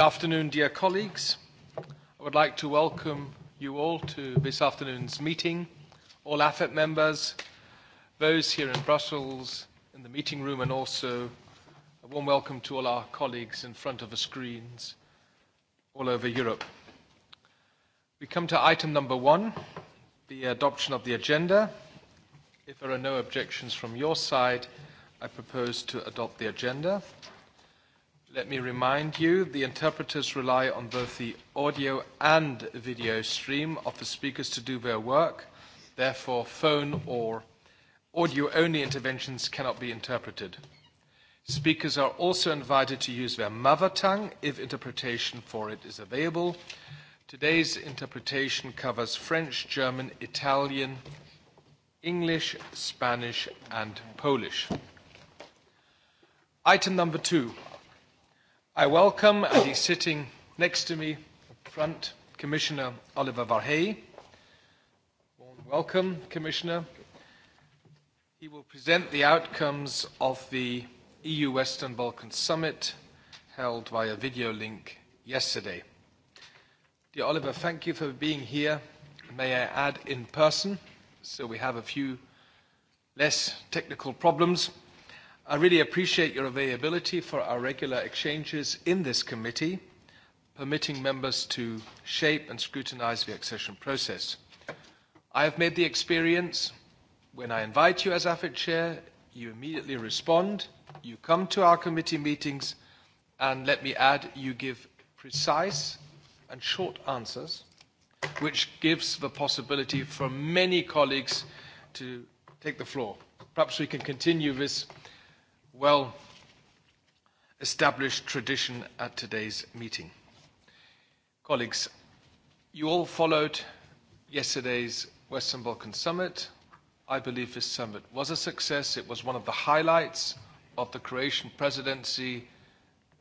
Good afternoon, dear colleagues. I would like to welcome you all to this afternoon's meeting, all AFET members, those here in Brussels, in the meeting room, and also a warm welcome to all our colleagues in front of the screens all over Europe. We come to item number one, the adoption of the agenda. If there are no objections from your side, I propose to adopt the agenda. Let me remind you, the interpreters rely on both the audio and video stream of the speakers to do their work. Therefore, phone or audio-only interventions cannot be interpreted. Speakers are also invited to use their mother tongue if interpretation for it is available. Today's interpretation covers French, German, Italian, English, Spanish and Polish. Item number two, I welcome, as he's sitting next to me up front, Commissioner Oliver Varhey. welcome, Commissioner. He will present the outcomes of the EU Western Balkans Summit held via video link yesterday. Dear Oliver, thank you for being here. May I add in person, so we have a few less technical problems. I really appreciate your availability for our regular exchanges in this committee, permitting members to shape and scrutinise the accession process. I have made the experience when I invite you as AFIT chair, you immediately respond, you come to our committee meetings, and let me add, you give precise and short answers, which gives the possibility for many colleagues to take the floor. Perhaps we can continue this well established tradition at today's meeting. Colleagues, you all followed yesterday's Western Balkan Summit. I believe this summit was a success. It was one of the highlights of the Croatian presidency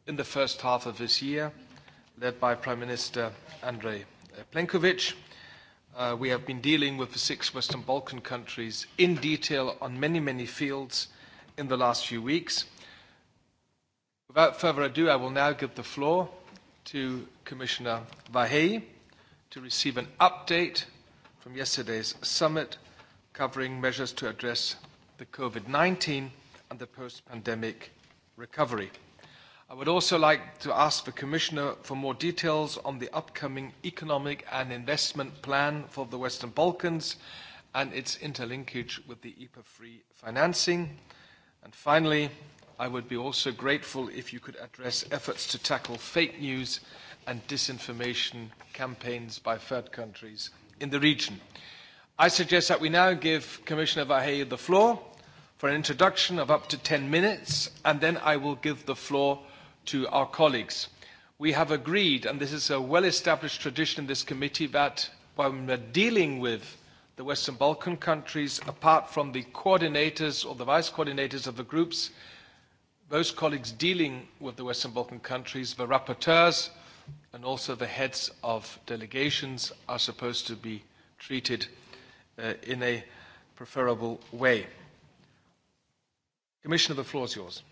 in the first half of this year, led by Prime Minister Andrei Plenkovic. Uh, we have been dealing with the six Western Balkan countries in detail on many, many fields – in the last few weeks. Without further ado, I will now give the floor to Commissioner Vahey to receive an update from yesterday's summit covering measures to address the COVID-19 and the post-pandemic recovery. I would also like to ask the Commissioner for more details on the upcoming economic and investment plan for the Western Balkans and its interlinkage with the EPA-free financing. And finally, I would be also grateful if you could address efforts to tackle fake news and disinformation campaigns by third countries in the region. I suggest that we now give Commissioner Vahey the floor for an introduction of up to 10 minutes, and then I will give the floor to our colleagues. We have agreed, and this is a well-established tradition in this committee, that when we're dealing with the Western Balkan countries, apart from the coordinators or the vice coordinators of the groups, those colleagues dealing with the Western Balkan countries, the rapporteurs, and also the heads of delegations are supposed to be treated uh, in a preferable way. Commissioner, the floor is yours.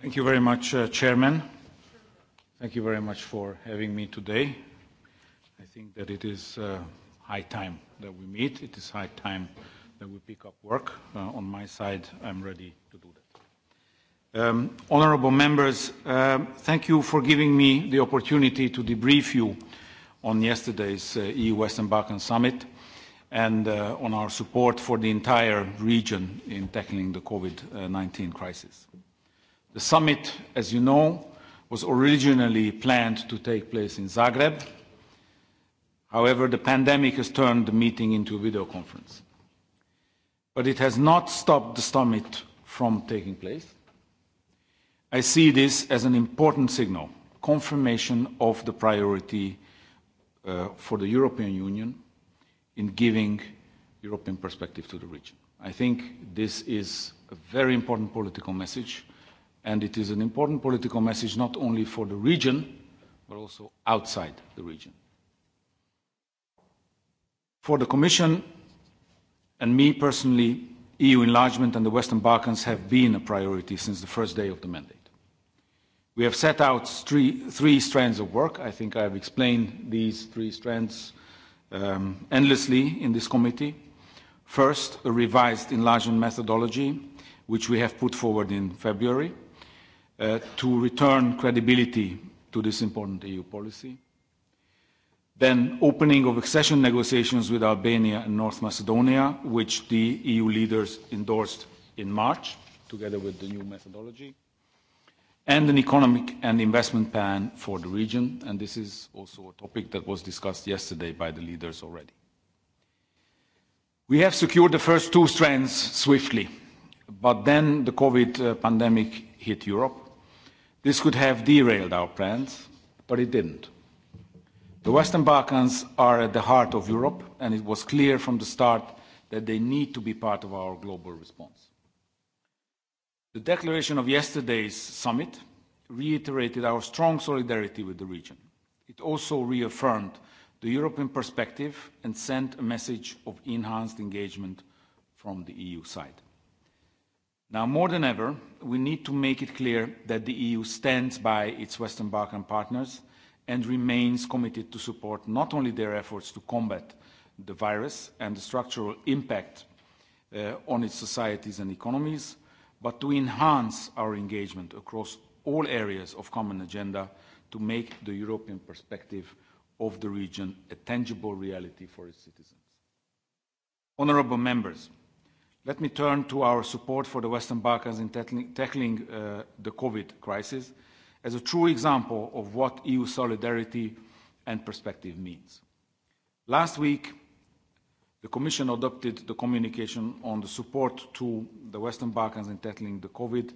Thank you very much, uh, Chairman. Thank you very much for having me today. I think that it is uh, high time that we meet. It is high time that we pick up work. Uh, on my side, I'm ready to do that. Um, honorable members, uh, thank you for giving me the opportunity to debrief you on yesterday's uh, EU Western Balkan Summit and uh, on our support for the entire region in tackling the COVID-19 crisis. The summit, as you know, was originally planned to take place in Zagreb However, the pandemic has turned the meeting into a video conference. But it has not stopped the summit from taking place. I see this as an important signal, confirmation of the priority uh, for the European Union in giving European perspective to the region. I think this is a very important political message, and it is an important political message not only for the region, but also outside the region. For the Commission and me personally, EU enlargement and the Western Balkans have been a priority since the first day of the mandate. We have set out three, three strands of work. I think I have explained these three strands um, endlessly in this committee. First, a revised enlargement methodology, which we have put forward in February, uh, to return credibility to this important EU policy. Then opening of accession negotiations with Albania and North Macedonia, which the EU leaders endorsed in March, together with the new methodology. And an economic and investment plan for the region, and this is also a topic that was discussed yesterday by the leaders already. We have secured the first two strands swiftly, but then the COVID uh, pandemic hit Europe. This could have derailed our plans, but it didn't. The Western Balkans are at the heart of Europe, and it was clear from the start that they need to be part of our global response. The declaration of yesterday's summit reiterated our strong solidarity with the region. It also reaffirmed the European perspective and sent a message of enhanced engagement from the EU side. Now, more than ever, we need to make it clear that the EU stands by its Western Balkan partners and remains committed to support not only their efforts to combat the virus and the structural impact uh, on its societies and economies, but to enhance our engagement across all areas of common agenda to make the European perspective of the region a tangible reality for its citizens. Honourable members, let me turn to our support for the Western Balkans in tackling, uh, the COVID crisis as a true example of what EU solidarity and perspective means. Last week, the Commission adopted the communication on the support to the Western Balkans in tackling the COVID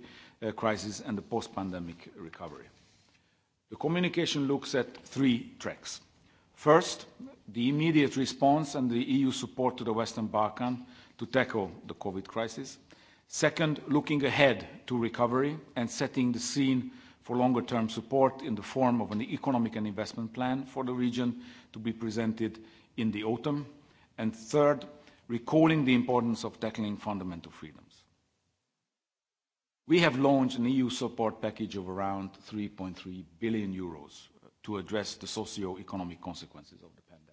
uh, crisis and the post-pandemic recovery. The communication looks at three tracks. First, the immediate response and the EU support to the Western Balkans to tackle the COVID crisis. Second, looking ahead to recovery and setting the scene for longer-term support in the form of an economic and investment plan for the region to be presented in the autumn. And third, recalling the importance of tackling fundamental freedoms. We have launched an EU support package of around 3.3 billion euros uh, to address the socio-economic consequences of the pandemic.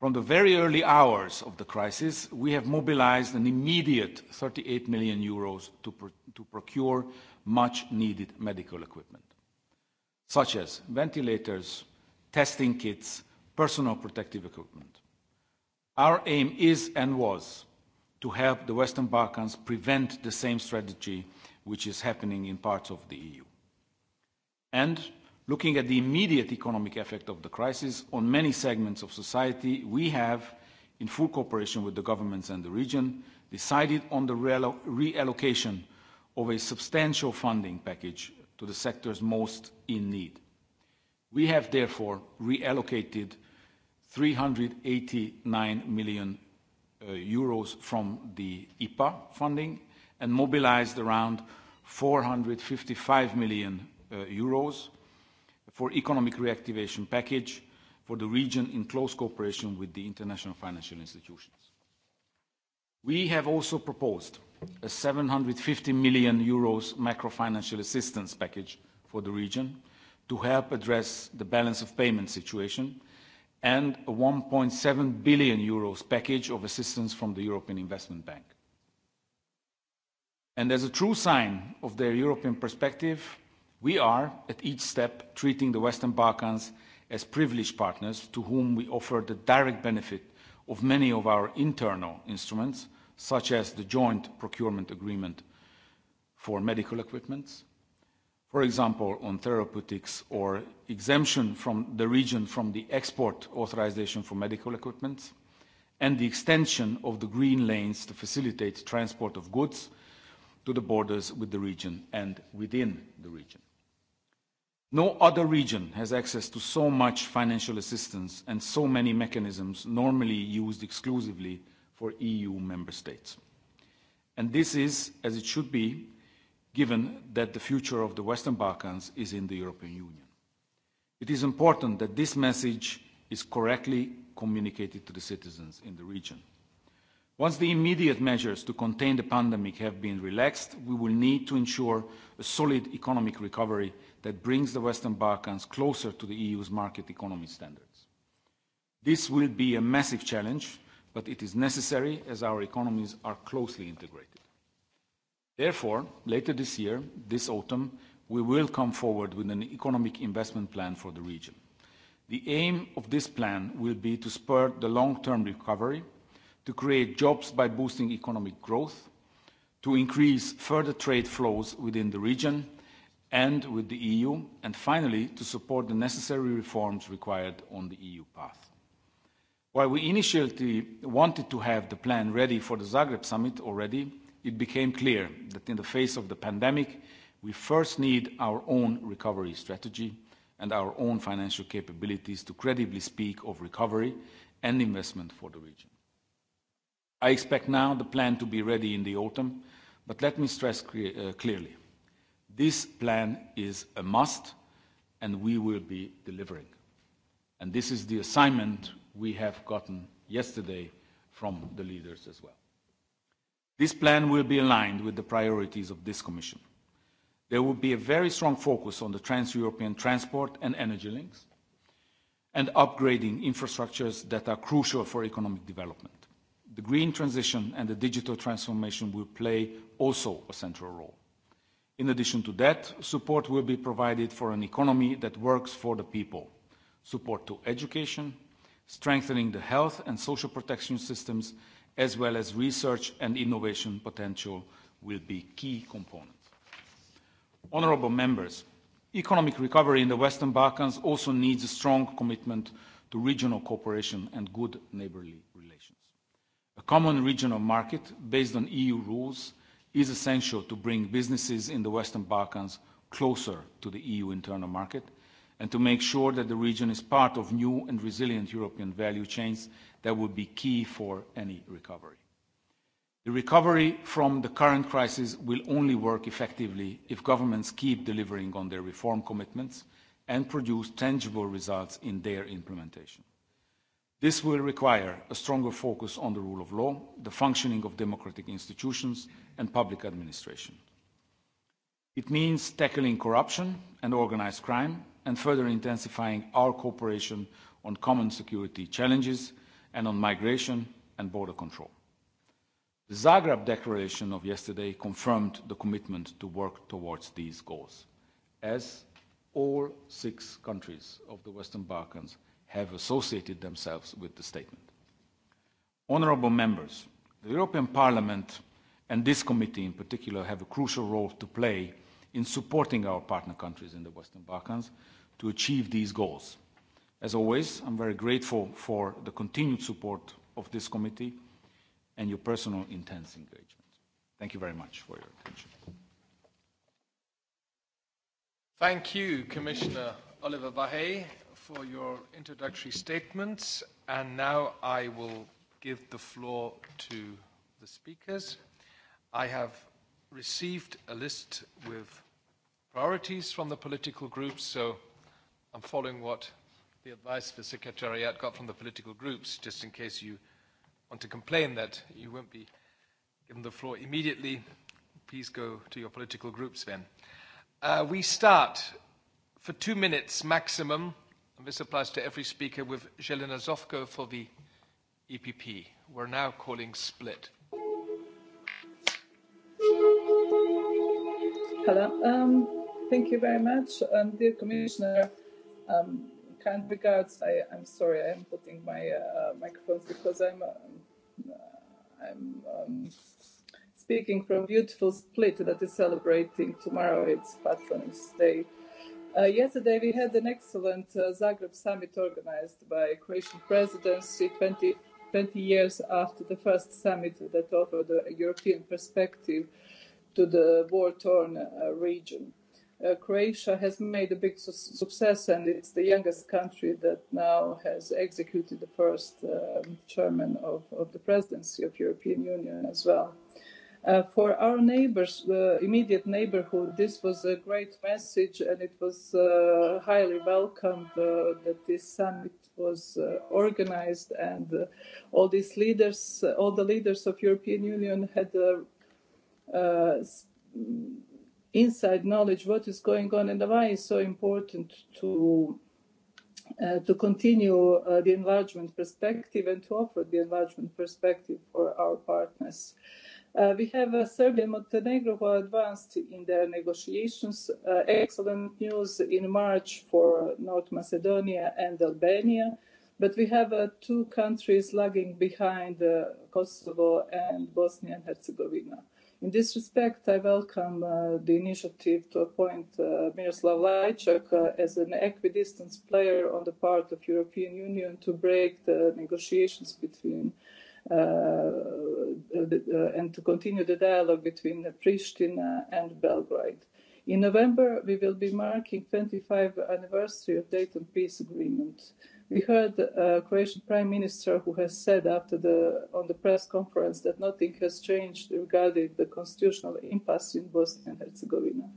From the very early hours of the crisis, we have mobilized an immediate 38 million euros to, to procure much needed medical equipment, such as ventilators, testing kits, personal protective equipment. Our aim is and was to help the Western Balkans prevent the same strategy which is happening in parts of the EU. And looking at the immediate economic effect of the crisis on many segments of society, we have, in full cooperation with the governments and the region, decided on the reallocation of a substantial funding package to the sectors most in need. We have therefore reallocated 389 million uh, euros from the IPA funding and mobilized around 455 million uh, euros for economic reactivation package for the region in close cooperation with the international financial institutions. We have also proposed a 750 million euros macrofinancial assistance package for the region to help address the balance of payment situation and a 1.7 billion euros package of assistance from the European Investment Bank. as a true sign of their European perspective, we are, at each step, treating the Western Balkans as privileged partners to whom we offer the direct benefit of many of our internal instruments such as the joint procurement agreement for medical equipment, for example, on therapeutics or exemption from the region from the export authorization for medical equipment, and the extension of the green lanes to facilitate transport of goods to the borders with the region and within the region. No other region has access to so much financial assistance and so many mechanisms normally used exclusively for EU member states. And this is, as it should be, given that the future of the Western Balkans is in the European Union. It is important that this message is correctly communicated to the citizens in the region. Once the immediate measures to contain the pandemic have been relaxed, we will need to ensure a solid economic recovery that brings the Western Balkans closer to the EU's market economy standards. This will be a massive challenge but it is necessary as our economies are closely integrated. Therefore, later this year, this autumn, we will come forward with an economic investment plan for the region. The aim of this plan will be to spur the long-term recovery, to create jobs by boosting economic growth, to increase further trade flows within the region and with the EU, and finally, to support the necessary reforms required on the EU path. While we initially wanted to have the plan ready for the Zagreb summit already, it became clear that in the face of the pandemic, we first need our own recovery strategy and our own financial capabilities to credibly speak of recovery and investment for the region. I expect now the plan to be ready in the autumn, but let me stress uh, clearly, this plan is a must, and we will be delivering. And This is the assignment we have gotten yesterday from the leaders as well. This plan will be aligned with the priorities of this Commission. There will be a very strong focus on the trans-European transport and energy links and upgrading infrastructures that are crucial for economic development. The green transition and the digital transformation will play also a central role. In addition to that, support will be provided for an economy that works for the people. Support to education, strengthening the health and social protection systems, as well as research and innovation potential will be key components. Honorable members, economic recovery in the Western Balkans also needs a strong commitment to regional cooperation and good neighbourly relations. A common regional market based on EU rules is essential to bring businesses in the Western Balkans closer to the EU internal market and to make sure that the region is part of new and resilient European value chains that will be key for any recovery. The recovery from the current crisis will only work effectively if governments keep delivering on their reform commitments and produce tangible results in their implementation. This will require a stronger focus on the rule of law, the functioning of democratic institutions and public administration. It means tackling corruption and organised crime and further intensifying our cooperation on common security challenges and on migration and border control. The Zagreb Declaration of yesterday confirmed the commitment to work towards these goals, as all six countries of the Western Balkans have associated themselves with the statement. Honourable members, the European Parliament and this committee in particular have a crucial role to play in supporting our partner countries in the Western Balkans to achieve these goals. As always, I'm very grateful for the continued support of this committee and your personal intense engagement. Thank you very much for your attention. Thank you, Commissioner Oliver Vahe, for your introductory statements. And now I will give the floor to the speakers. I have received a list with priorities from the political groups, so I'm following what the advice the Secretariat got from the political groups, just in case you want to complain that you won't be given the floor immediately. Please go to your political groups then. Uh, we start for two minutes maximum, and this applies to every speaker, with Zelena Zovko for the EPP. We're now calling split. Hello. Um, thank you very much. Um, dear Commissioner, Um, kind regards. I, I'm sorry. I'm putting my uh, microphones because I'm uh, I'm um, speaking from beautiful Split that is celebrating tomorrow its Patronage Day. Uh, yesterday we had an excellent uh, Zagreb summit organized by Croatian presidency 20, 20 years after the first summit that offered a European perspective to the war-torn uh, region uh, Croatia has made a big su success, and it's the youngest country that now has executed the first um, chairman of, of the presidency of European Union as well. Uh, for our neighbors, the uh, immediate neighborhood, this was a great message, and it was uh, highly welcomed uh, that this summit was uh, organized, and uh, all these leaders, all the leaders of European Union, had Uh, uh, inside knowledge what is going on and why is so important to uh, to continue uh, the enlargement perspective and to offer the enlargement perspective for our partners. Uh, we have uh, Serbia and Montenegro who advanced in their negotiations. Uh, excellent news in March for North Macedonia and Albania. But we have uh, two countries lagging behind uh, Kosovo and Bosnia and Herzegovina. Uh, In this respect, I welcome uh, the initiative to appoint uh, Miroslav Lajčak uh, as an equidistant player on the part of European Union to break the negotiations between uh, uh the, uh, and to continue the dialogue between uh, Pristina and Belgrade. In November, we will be marking 25th anniversary of Dayton Peace Agreement. Uh, We heard a uh, Croatian prime minister who has said after the on the press conference that nothing has changed regarding the constitutional impasse in Bosnia and Herzegovina.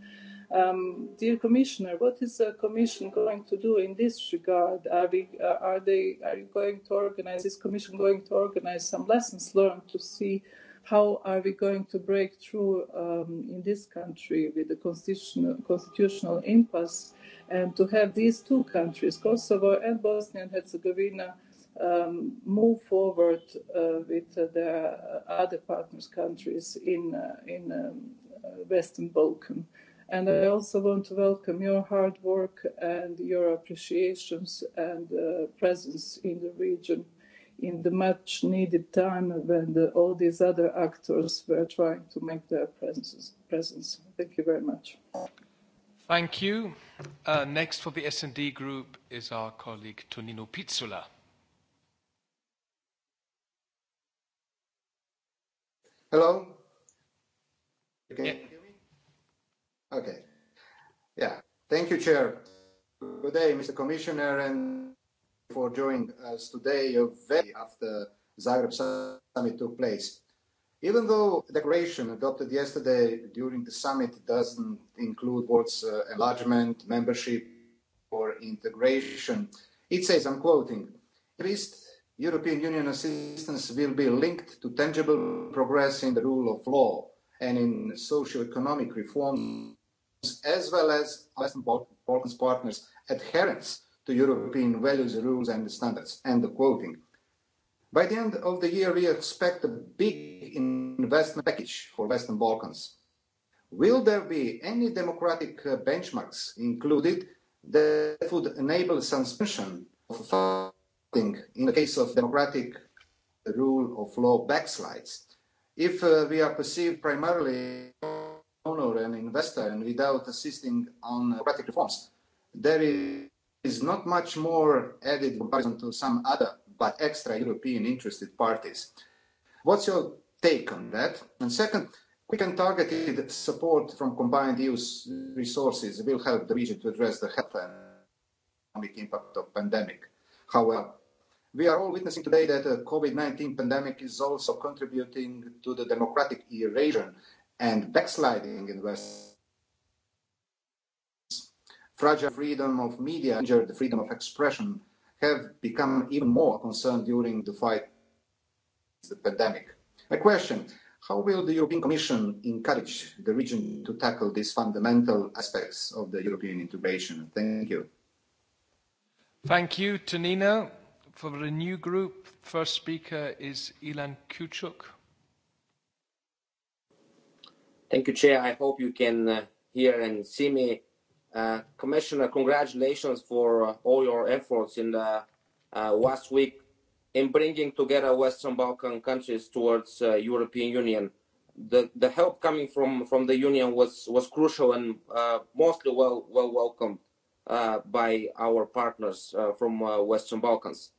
Um, dear Commissioner, what is the Commission going to do in this regard? Are we, uh, are they, are you going to organize, is Commission going to organize some lessons learned to see how are we going to break through um, in this country with the constitutional, constitutional impasse And to have these two countries, Kosovo and Bosnia and Herzegovina, um, move forward uh, with uh, their other partners countries in uh, in um, uh, Western Balkan. And I also want to welcome your hard work and your appreciations and uh, presence in the region in the much needed time when the, all these other actors were trying to make their presence. presence. Thank you very much. Thank you. Uh, next for the S&D group is our colleague Tonino Pizzula. Hello? Okay. can yeah. hear me? Okay. Yeah. Thank you, Chair. Good day, Mr. Commissioner, and for joining us today, very after Zagreb summit took place. Even though the declaration adopted yesterday during the summit doesn't include words uh, enlargement, membership, or integration, it says, I'm quoting, increased European Union assistance will be linked to tangible progress in the rule of law and in socio-economic reforms, as well as Western Balkans partners' adherence to European values, rules, and standards. End of quoting. By the end of the year, we expect a big investment package for Western Balkans. Will there be any democratic uh, benchmarks included that would enable suspension of funding in the case of democratic rule of law backslides? If uh, we are perceived primarily as owner and investor and without assisting on democratic reforms, there is not much more added comparison to some other by extra-European interested parties. What's your take on that? And second, quick and targeted support from combined EU resources will help the region to address the health and economic impact of pandemic. However, we are all witnessing today that the COVID-19 pandemic is also contributing to the democratic erosion and backsliding in West. Fragile freedom of media, injured the freedom of expression, have become even more concerned during the fight against the pandemic. My question, how will the European Commission encourage the region to tackle these fundamental aspects of the European integration? Thank you. Thank you, Tanina. For the new group, first speaker is Ilan Kuchuk. Thank you, Chair. I hope you can uh, hear and see me. Uh, Commissioner, congratulations for uh, all your efforts in the uh, last week in bringing together Western Balkan countries towards uh, European Union. The, the help coming from, from the Union was, was crucial and uh, mostly well, well welcomed uh, by our partners uh, from uh, Western Balkans.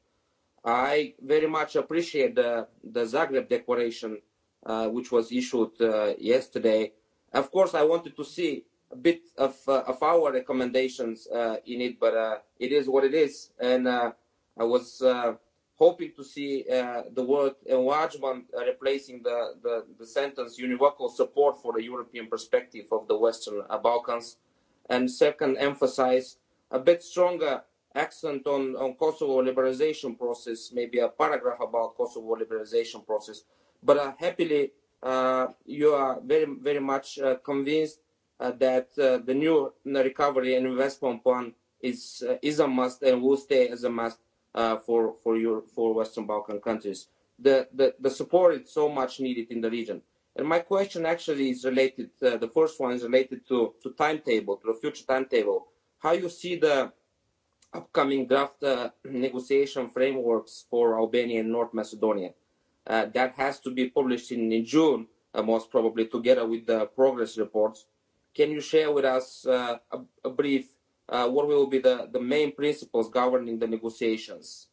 I very much appreciate the, the Zagreb Declaration, uh, which was issued uh, yesterday. Of course, I wanted to see a bit of uh, of our recommendations uh, in it, but uh, it is what it is. And uh, I was uh, hoping to see uh, the word enlargement uh, replacing the, the, the sentence univocal support for the European perspective of the Western uh, Balkans, and second, emphasize a bit stronger accent on, on Kosovo liberalization process, maybe a paragraph about Kosovo liberalization process. But uh, happily, uh, you are very, very much uh, convinced Uh, that uh, the new recovery and investment plan is uh, is a must and will stay as a must for for your for Western Balkan countries. The, the the support is so much needed in the region. And my question actually is related. Uh, the first one is related to to timetable, to the future timetable. How you see the upcoming draft uh, negotiation frameworks for Albania and North Macedonia? Uh, that has to be published in, in June, uh, most probably, together with the progress reports. Can you share with us uh, a, a, brief uh, what will be the, the main principles governing the negotiations?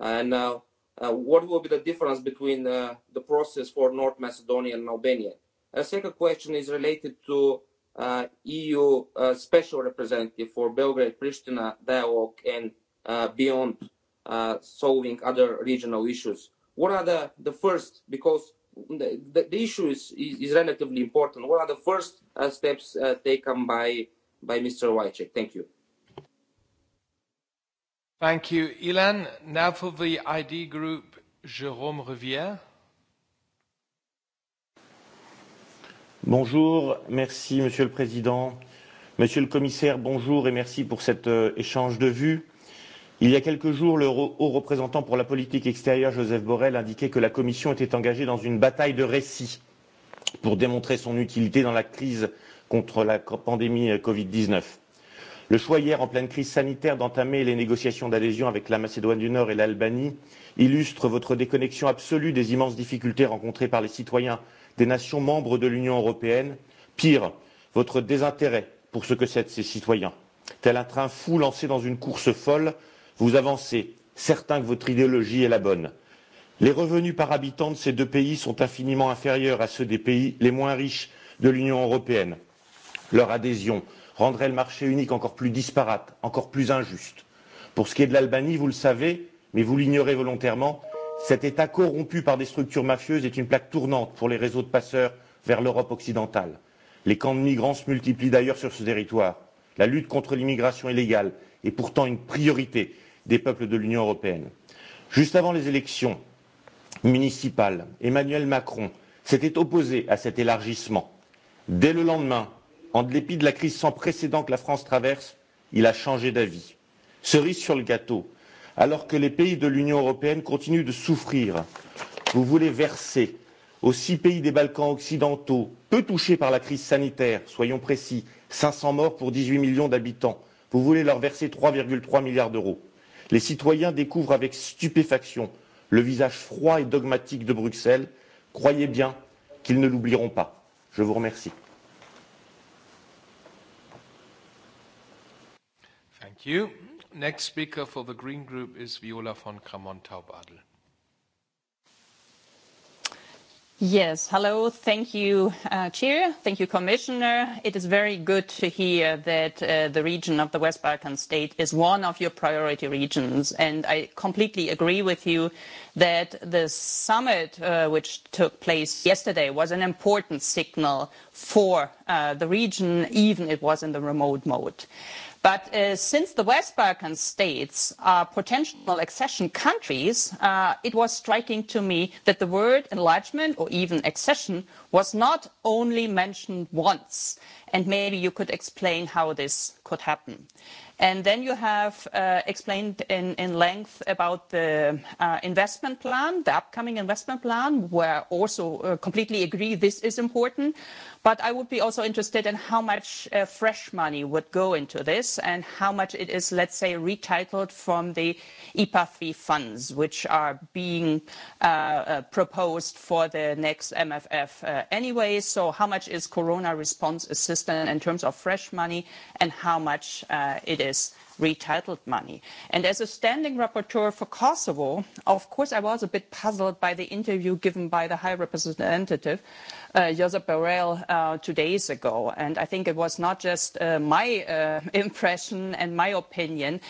And uh, uh what will be the difference between uh, the process for North Macedonia and Albania? A second question is related to uh, EU Special Representative for Belgrade-Pristina dialogue and beyond solving other regional issues. What are the, the first, because the, the, the issue is, is, is relatively important, what are the first uh, steps uh, taken by, by Mr. Wycheck. Thank you. Thank you, Ilan. Now for the ID group, Jérôme Rivière. Bonjour, merci Monsieur le Président. Monsieur le Commissaire, bonjour et merci pour cet euh, échange de vues. Il y a quelques jours, le haut représentant pour la politique extérieure, Joseph Borrell, indiquait que la Commission était engagée dans une bataille de récits pour démontrer son utilité dans la crise contre la pandémie euh, Covid-19. Le choix hier, en pleine crise sanitaire, d'entamer les négociations d'adhésion avec la Macédoine du Nord et l'Albanie illustre votre déconnexion absolue des immenses difficultés rencontrées par les citoyens des nations membres de l'Union européenne. Pire, votre désintérêt pour ce que c'est ces citoyens. Tel un train fou lancé dans une course folle, vous avancez, certain que votre idéologie est la bonne. Les revenus par habitant de ces deux pays sont infiniment inférieurs à ceux des pays les moins riches de l'Union européenne. Leur adhésion rendrait le marché unique encore plus disparate, encore plus injuste. Pour ce qui est de l'Albanie, vous le savez, mais vous l'ignorez volontairement, cet État corrompu par des structures mafieuses est une plaque tournante pour les réseaux de passeurs vers l'Europe occidentale. Les camps de migrants se multiplient d'ailleurs sur ce territoire. La lutte contre l'immigration illégale est pourtant une priorité des peuples de l'Union européenne. Juste avant les élections, municipal. Emmanuel Macron s'était opposé à cet élargissement. Dès le lendemain, en dépit de la crise sans précédent que la France traverse, il a changé d'avis. Cerise sur le gâteau, alors que les pays de l'Union européenne continuent de souffrir, vous voulez verser aux six pays des Balkans occidentaux, peu touchés par la crise sanitaire, soyons précis, 500 morts pour 18 millions d'habitants, vous voulez leur verser 3,3 milliards d'euros. Les citoyens découvrent avec stupéfaction le visage froid et dogmatique de Bruxelles, croyez bien qu'ils ne l'oublieront pas. Je vous remercie. Thank you. Next speaker for the Green Group is Viola von Kramon-Taubadel. Yes. Hello. Thank you, uh, Chair. Thank you, Commissioner. It is very good to hear that uh, the region of the West Balkan state is one of your priority regions, and I completely agree with you that the summit, uh, which took place yesterday, was an important signal for uh, the region, even it was in the remote mode. But uh, since the West Balkan states are potential accession countries, uh, it was striking to me that the word enlargement or even accession was not only mentioned once. And maybe you could explain how this could happen. And then you have uh, explained in, in length about the uh, investment plan, the upcoming investment plan, where also uh, completely agree this is important. But I would be also interested in how much uh, fresh money would go into this and how much it is, let's say, retitled from the IPA 3 funds, which are being uh, uh, proposed for the next MFF uh, anyway. So how much is corona response assistance in terms of fresh money and how much uh, it is retitled money. And as a standing rapporteur for Kosovo, of course, I was a bit puzzled by the interview given by the High Representative, uh, Josep Borrell, uh, two days ago. And I think it was not just uh, my uh, impression and my opinion,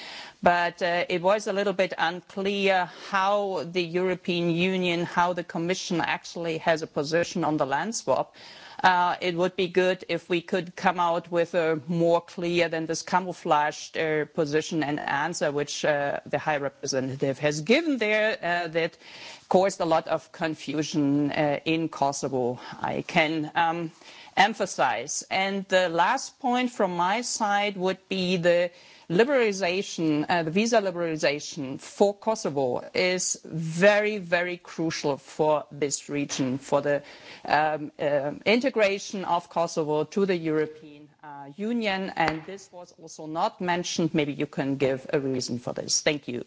but uh, it was a little bit unclear how the European Union, how the Commission actually has a position on the land swap. Uh, it would be good if we could come out with a more clear than this camouflaged uh, position and answer which uh, the High Representative has given there that caused a lot of confusion in Kosovo. I can um, emphasize. And the last point from my side would be the liberalisation, uh, the visa liberalisation for Kosovo is very, very crucial for this region, for the um, uh, integration of Kosovo to the European uh, Union. And this was also not mentioned. Maybe you can give a reason for this. Thank you.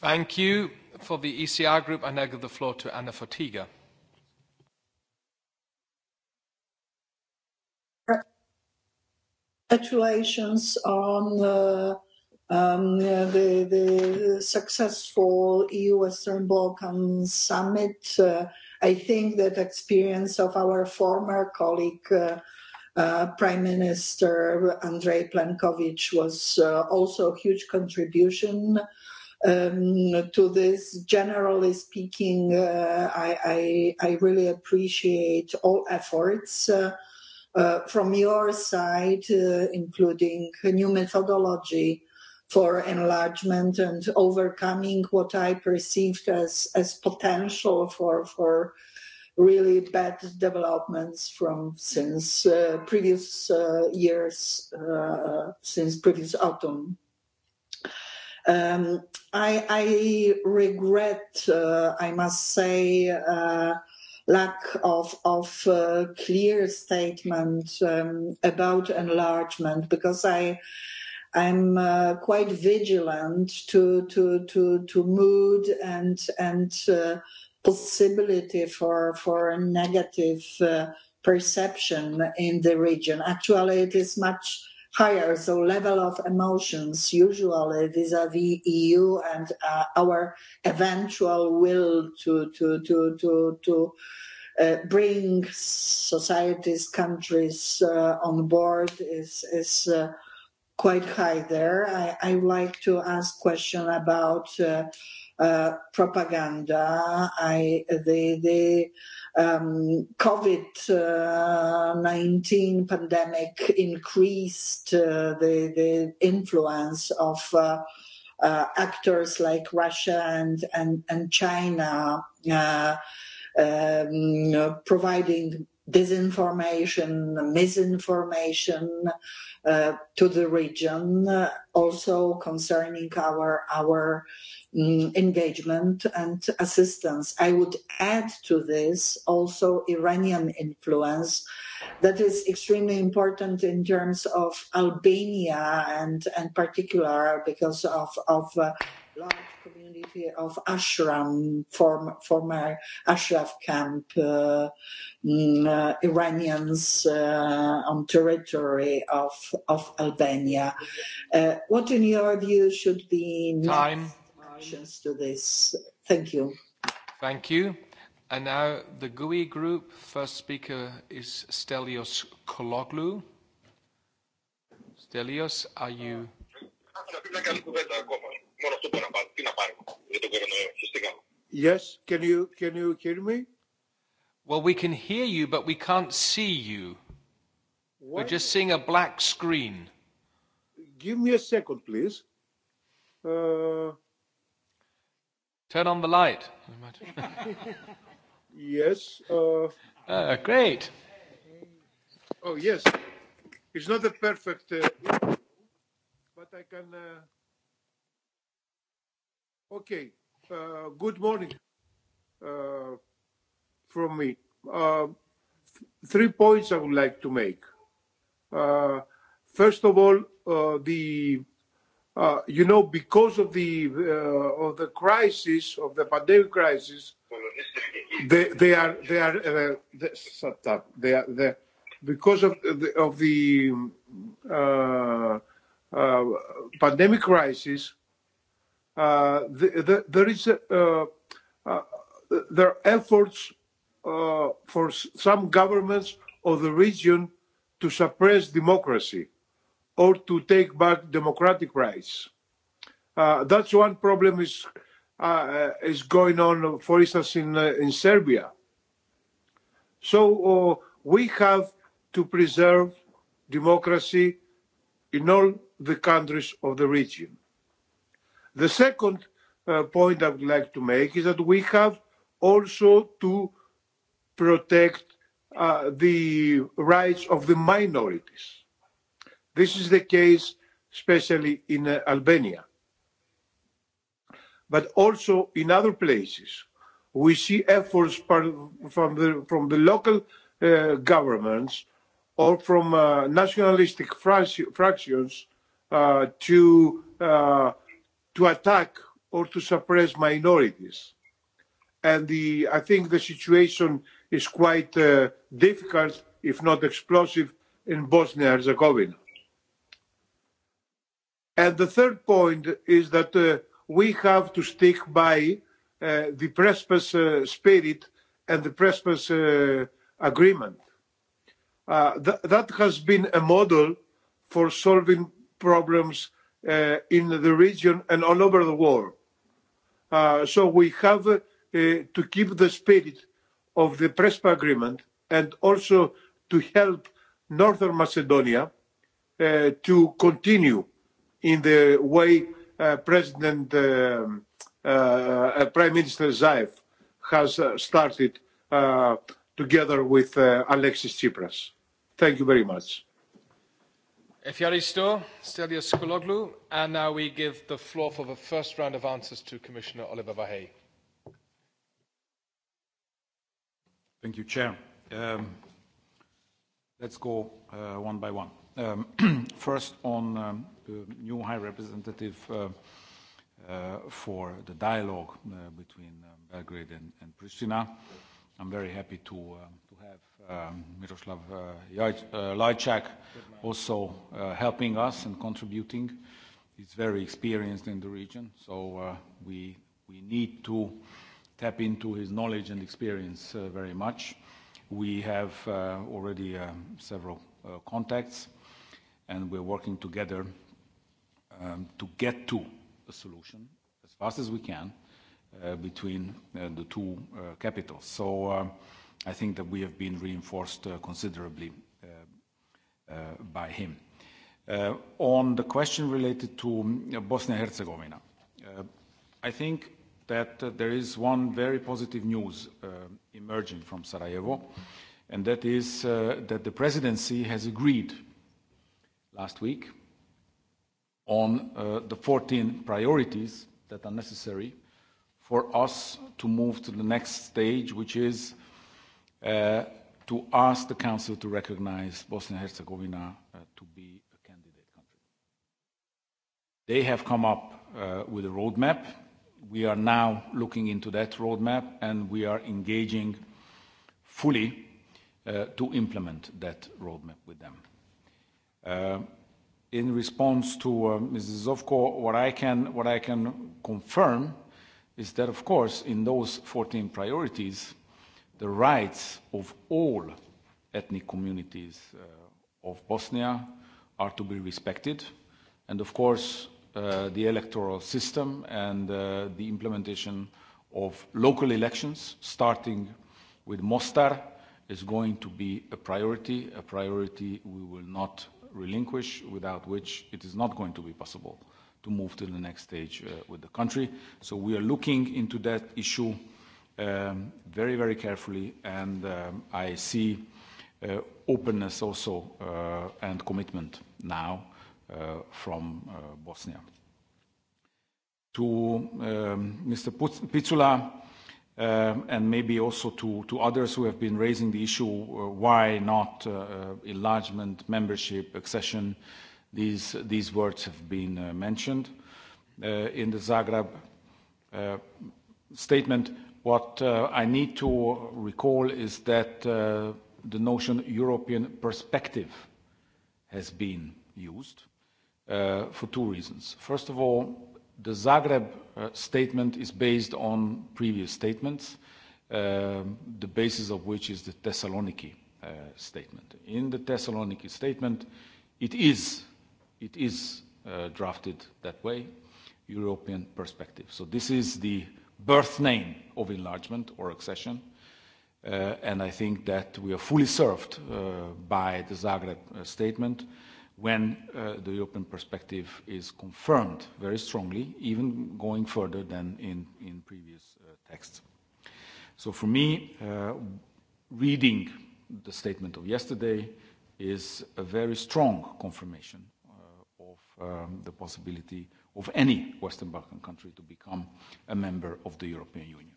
Thank you. For the ECR group, I now give the floor to Anna Fortiga. Congratulations on uh, um, the, the successful EU Western Balkan summit. Uh, I think that experience of our former colleague, uh, uh, Prime Minister Andrei Plankovic, was uh, also a huge contribution um, to this. Generally speaking, uh, I, I, I really appreciate all efforts. Uh, uh, from your side, uh, including new methodology for enlargement and overcoming what I perceived as, as potential for, for really bad developments from since uh, previous uh, years, uh, since previous autumn. Um, I, I regret, uh, I must say, uh, lack of, of uh, clear statement um, about enlargement because I I'm uh, quite vigilant to to to to mood and and uh, possibility for for a negative uh, perception in the region. Actually, it is much higher so level of emotions usually vis-a-vis EU and uh, our eventual will to to to to to uh, bring societies countries uh, on board is is uh, quite high there. I, I would like to ask question about uh, uh, propaganda. I the the um, COVID-19 uh, pandemic increased uh, the, the influence of uh, uh, actors like Russia and, and, and China uh, um, providing disinformation, misinformation uh, to the region, uh, also concerning our our um, engagement and assistance. I would add to this also Iranian influence that is extremely important in terms of Albania and and particular because of of uh, large community of ashram, form, former ashraf camp, uh, mm, uh, Iranians uh, on territory of, of Albania. Uh, what, in your view, should be time options to this? Thank you. Thank you. And now the GUI group. First speaker is Stelios Kologlu. Stelios, are you? Yes, can you can you hear me? Well, we can hear you, but we can't see you. What? We're just seeing a black screen. Give me a second, please. Uh... Turn on the light. yes. Uh... Uh, great. Oh yes, it's not a perfect, uh, but I can. Uh Okay. Uh, good morning uh, from me. Uh, three points I would like to make. Uh, first of all, uh, the uh, you know because of the uh, of the crisis of the pandemic crisis, they they are they are uh, they, shut up. They are they, because of the, of the uh, uh, pandemic crisis uh, the, the, there is a, uh, uh, there are efforts uh, for some governments of the region to suppress democracy or to take back democratic rights. Uh, that's one problem is uh, uh, is going on, for instance, in uh, in Serbia. So uh, we have to preserve democracy in all the countries of the region The second uh, point I would like to make is that we have also to protect uh, the rights of the minorities. This is the case especially in uh, Albania. But also in other places, we see efforts from the, from the local uh, governments or from uh, nationalistic fractions uh, to uh, to attack or to suppress minorities. And the, I think the situation is quite uh, difficult, if not explosive, in Bosnia Herzegovina. And the third point is that uh, we have to stick by uh, the Prespas uh, spirit and the Prespas uh, agreement. Uh, th- that has been a model for solving problems uh, in the region and all over the world. Uh, so we have uh, to keep the spirit of the Prespa agreement and also to help Northern Macedonia uh, to continue in the way uh, President, um, uh, uh, Prime Minister Zaev has uh, started uh, together with uh, Alexis Tsipras. Thank you very much. Efiaristo, Stelia Kologlu, and now we give the floor for the first round of answers to Commissioner Oliver Vahey. Thank you, Chair. Um, let's go uh, one by one. Um, first, on um, the new High Representative uh, uh, for the dialogue uh, between um, Belgrade and, and Pristina. I'm very happy to um, have um, Miroslav uh, uh Lajcak also uh, helping us and contributing. He's very experienced in the region, so uh, we, we need to tap into his knowledge and experience uh, very much. We have uh, already uh, several uh, contacts, and we're working together um, to get to a solution as fast as we can uh, between uh, the two uh, capitals. So. Uh, I think that we have been reinforced uh, considerably uh, uh, by him. on the question related to um, Bosnia-Herzegovina, I think that there is one very positive news emerging from Sarajevo, and that is that the presidency has agreed last week on the 14 priorities that are necessary for us to move to the next stage, which is uh, to ask the Council to recognize Bosnia and Herzegovina uh, to be a candidate country. They have come up uh, with a roadmap. We are now looking into that roadmap and we are engaging fully uh, to implement that roadmap with them. Uh, in response to uh, Mrs. Zovko, what I can, what I can confirm is that, of course, in those 14 priorities, the rights of all ethnic communities uh, of Bosnia are to be respected. And of course, uh, the electoral system and uh, the implementation of local elections, starting with Mostar, is going to be a priority, a priority we will not relinquish, without which it is not going to be possible to move to the next stage uh, with the country. So we are looking into that issue Um, very, very carefully, and um, I see uh, openness also uh, and commitment now uh, from Bosnia. To Mr. Um, Picula and maybe also to, others who have been raising the issue, why not enlargement, membership, accession, these, these words have been mentioned in the Zagreb statement. What uh, I need to recall is that uh, the notion European perspective has been used uh, for two reasons. First of all, the Zagreb uh, statement is based on previous statements, uh, the basis of which is the Thessaloniki uh, statement. In the Thessaloniki statement, it is, it is uh, drafted that way, European perspective. So this is the birth name of enlargement or accession. Uh, and I think that we are fully served uh, by the Zagreb uh, statement when uh, the European perspective is confirmed very strongly, even going further than in, in previous uh, texts. So for me, uh, reading the statement of yesterday is a very strong confirmation uh, of um, the possibility of any Western Balkan country to become a member of the European Union.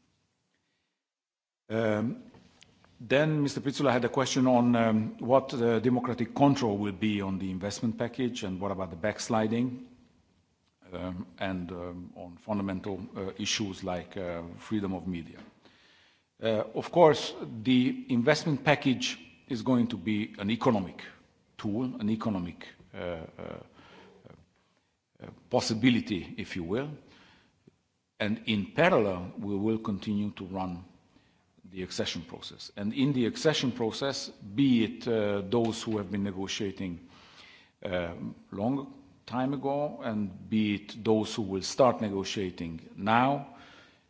Um, then Mr. Pizzula had a question on um, what the uh, democratic control will be on the investment package and what about the backsliding um, and um, on fundamental uh, issues like uh, freedom of media. Uh, of course, the investment package is going to be an economic tool, an economic uh, uh, possibility, if you will. And in parallel, we will continue to run the accession process. And in the accession process, be it uh, those who have been negotiating uh, long time ago, and be it those who will start negotiating now,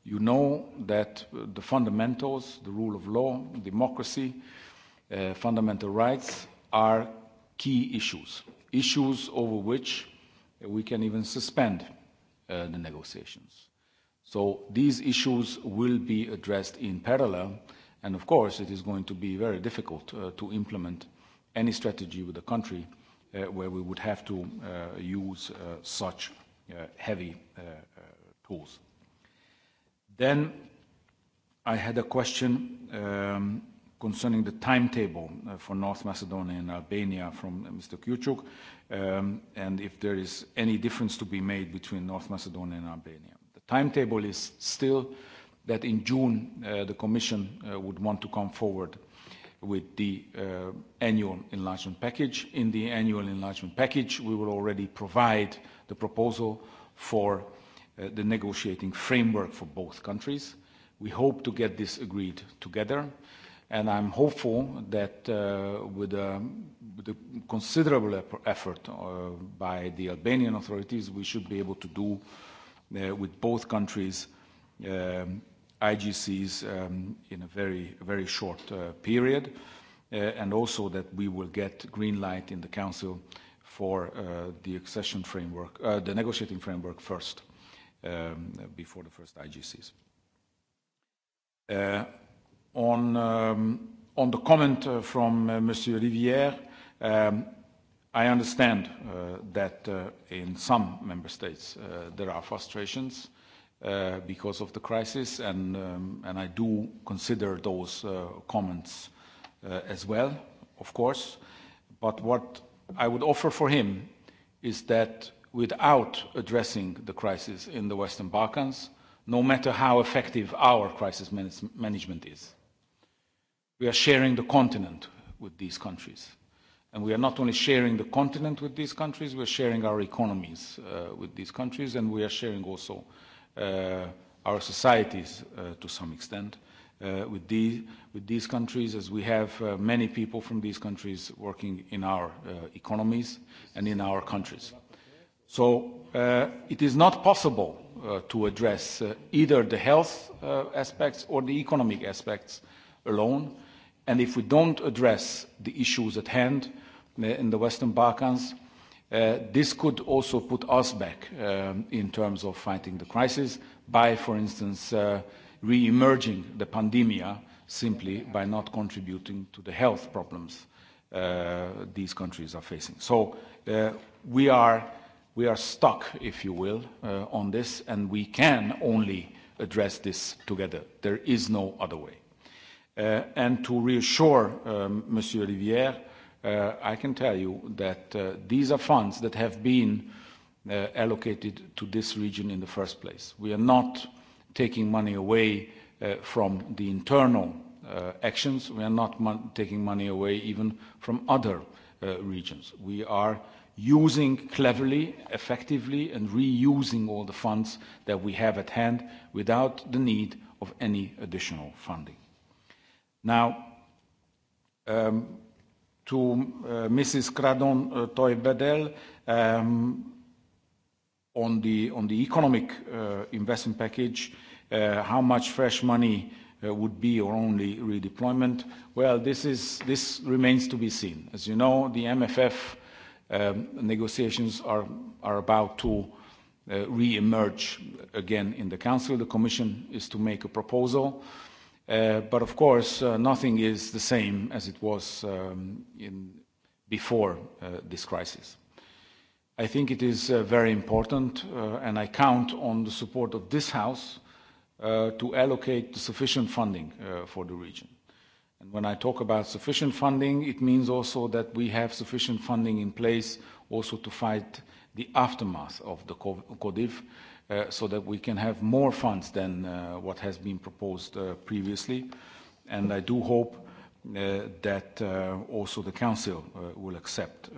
you know that the fundamentals, the rule of law, democracy, uh, fundamental rights are key issues, issues over which we can even suspend uh, the negotiations. So these issues will be addressed in parallel, and of course it is going to be very difficult uh, to implement any strategy with a country uh, where we would have to uh, use uh, such uh, heavy uh, uh, tools. Then I had a question um, concerning the timetable uh, for North Macedonia and Albania from uh, Mr. Kyuchuk, um, and if there is any difference to be made between North Macedonia and Albania. The timetable is still that in June uh, the Commission uh, would want to come forward with the uh, annual enlargement package. In the annual enlargement package, we will already provide the proposal for uh, the negotiating framework for both countries. We hope to get this agreed together. Uh, and I'm hopeful that uh, with, the considerable effort uh, by the Albanian authorities, we should be able to do uh, with both countries um, IGCs um, in a very, very short period, and also that we will get green light in the Council for the accession framework, the negotiating framework first, um, before the first IGCs on, um, on the comment uh, from uh, Monsieur Rivière, um, I understand uh, that uh, in some member states uh, there are frustrations uh, because of the crisis, and, um, and I do consider those uh, comments uh, as well, of course. But what I would offer for him is that without addressing the crisis in the Western Balkans, no matter how effective our crisis management is, We are sharing the continent with these countries. And we are not only sharing the continent with these countries, We are sharing our economies uh, with these countries, and we are sharing also uh, our societies uh, to some extent uh, with, these, with these countries, as we have uh, many people from these countries working in our uh, economies and in our countries. So uh, it is not possible uh, to address uh, either the health uh, aspects or the economic aspects alone And if we don't address the issues at hand eh, in the Western Balkans, uh, this could also put us back um, in terms of fighting the crisis by, for instance, uh, re-emerging the pandemia simply by not contributing to the health problems uh, these countries are facing. So uh, we, are, we are stuck, if you will, uh, on this, and we can only address this together. There is no other way. Uh, and to reassure um, Monsieur Rivière, uh, I can tell you that uh, these are funds that have been allocated to this region in the first place. We are not taking money away from the internal actions. We are not taking money away even from other regions. We are using cleverly, effectively, and reusing all the funds that we have at hand without the need of any additional funding. Now, um, to uh, Mrs. Cradon uh, Toy-Bedell, um, on the, on the economic uh, investment package, uh, how much fresh money uh, would be or only redeployment? Well, this, is, this remains to be seen. As you know, the MFF um, negotiations are, are about to uh, re-emerge again in the Council. The Commission is to make a proposal. Uh, Uh, but of course, uh, nothing is the same as it was um, in, before uh, this crisis. I think it is uh, very important, uh, and I count on the support of this House uh, to allocate the sufficient funding uh, for the region. And when I talk about sufficient funding, it means also that we have sufficient funding in place also to fight the aftermath of the CODIV, Uh, so that we can have more funds than uh, what has been proposed uh, previously. And I do hope that also the council will accept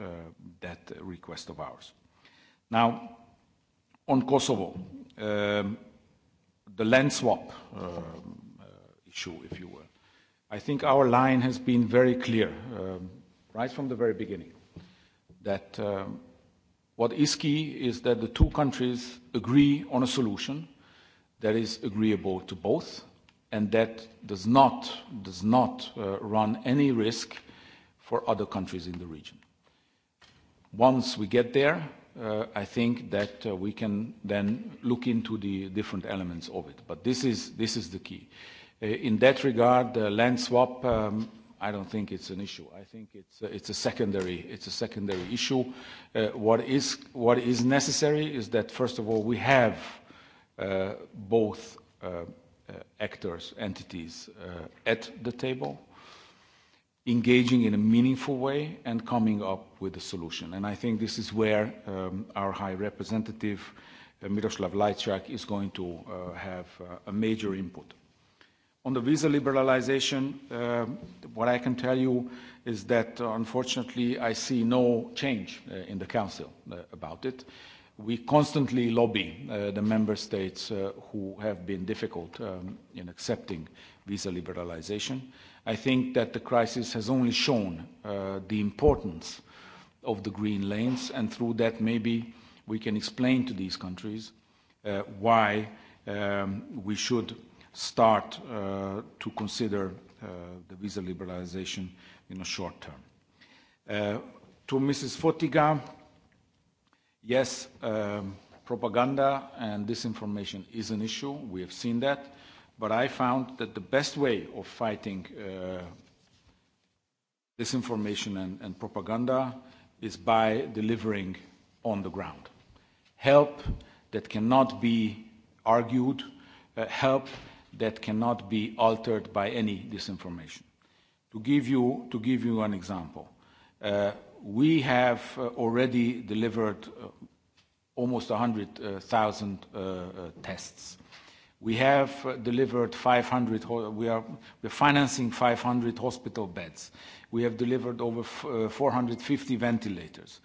that request of ours. Now, on Kosovo, um, the land swap um, issue, if you will. I think our line has been very clear um, right from the very beginning that um, What is key is that the two countries agree on a solution that is agreeable to both and that does not, does not uh, run any risk for other countries in the region. Once we get there, uh, I think that uh, we can then look into the different elements of it. But this is, this is the key. Uh, in that regard, the land swap um, I don't think it's an issue. I think it's a, it's a secondary it's a secondary issue. Uh, what is what is necessary is that first of all we have uh, both uh, uh actors entities uh, at the table, engaging in a meaningful way and coming up with a solution. And I think this is where um, our High Representative uh, Miroslav Lajczak is going to have a major input. On the visa liberalization, uh, what I can tell you is that uh, unfortunately I see no change uh, in the Council uh, about it. We constantly lobby uh, the member states uh, who have been difficult um, in accepting visa liberalization. I think that the crisis has only shown uh, the importance of the green lanes, and through that maybe we can explain to these countries uh, why um, we should start uh, to consider uh, the visa liberalization in a short term. Uh, to Mrs. Fotiga, yes, um, propaganda and disinformation is an issue. We have seen that. But I found that the best way of fighting uh, disinformation and, and propaganda is by delivering on the ground. Help that cannot be argued, uh, help that cannot be altered by any disinformation. To give you, to give you an example, uh, we have uh, already delivered uh, almost 100,000 uh, uh, uh, tests. We have delivered 500. We are we're financing 500 hospital beds. We have delivered over 450 ventilators.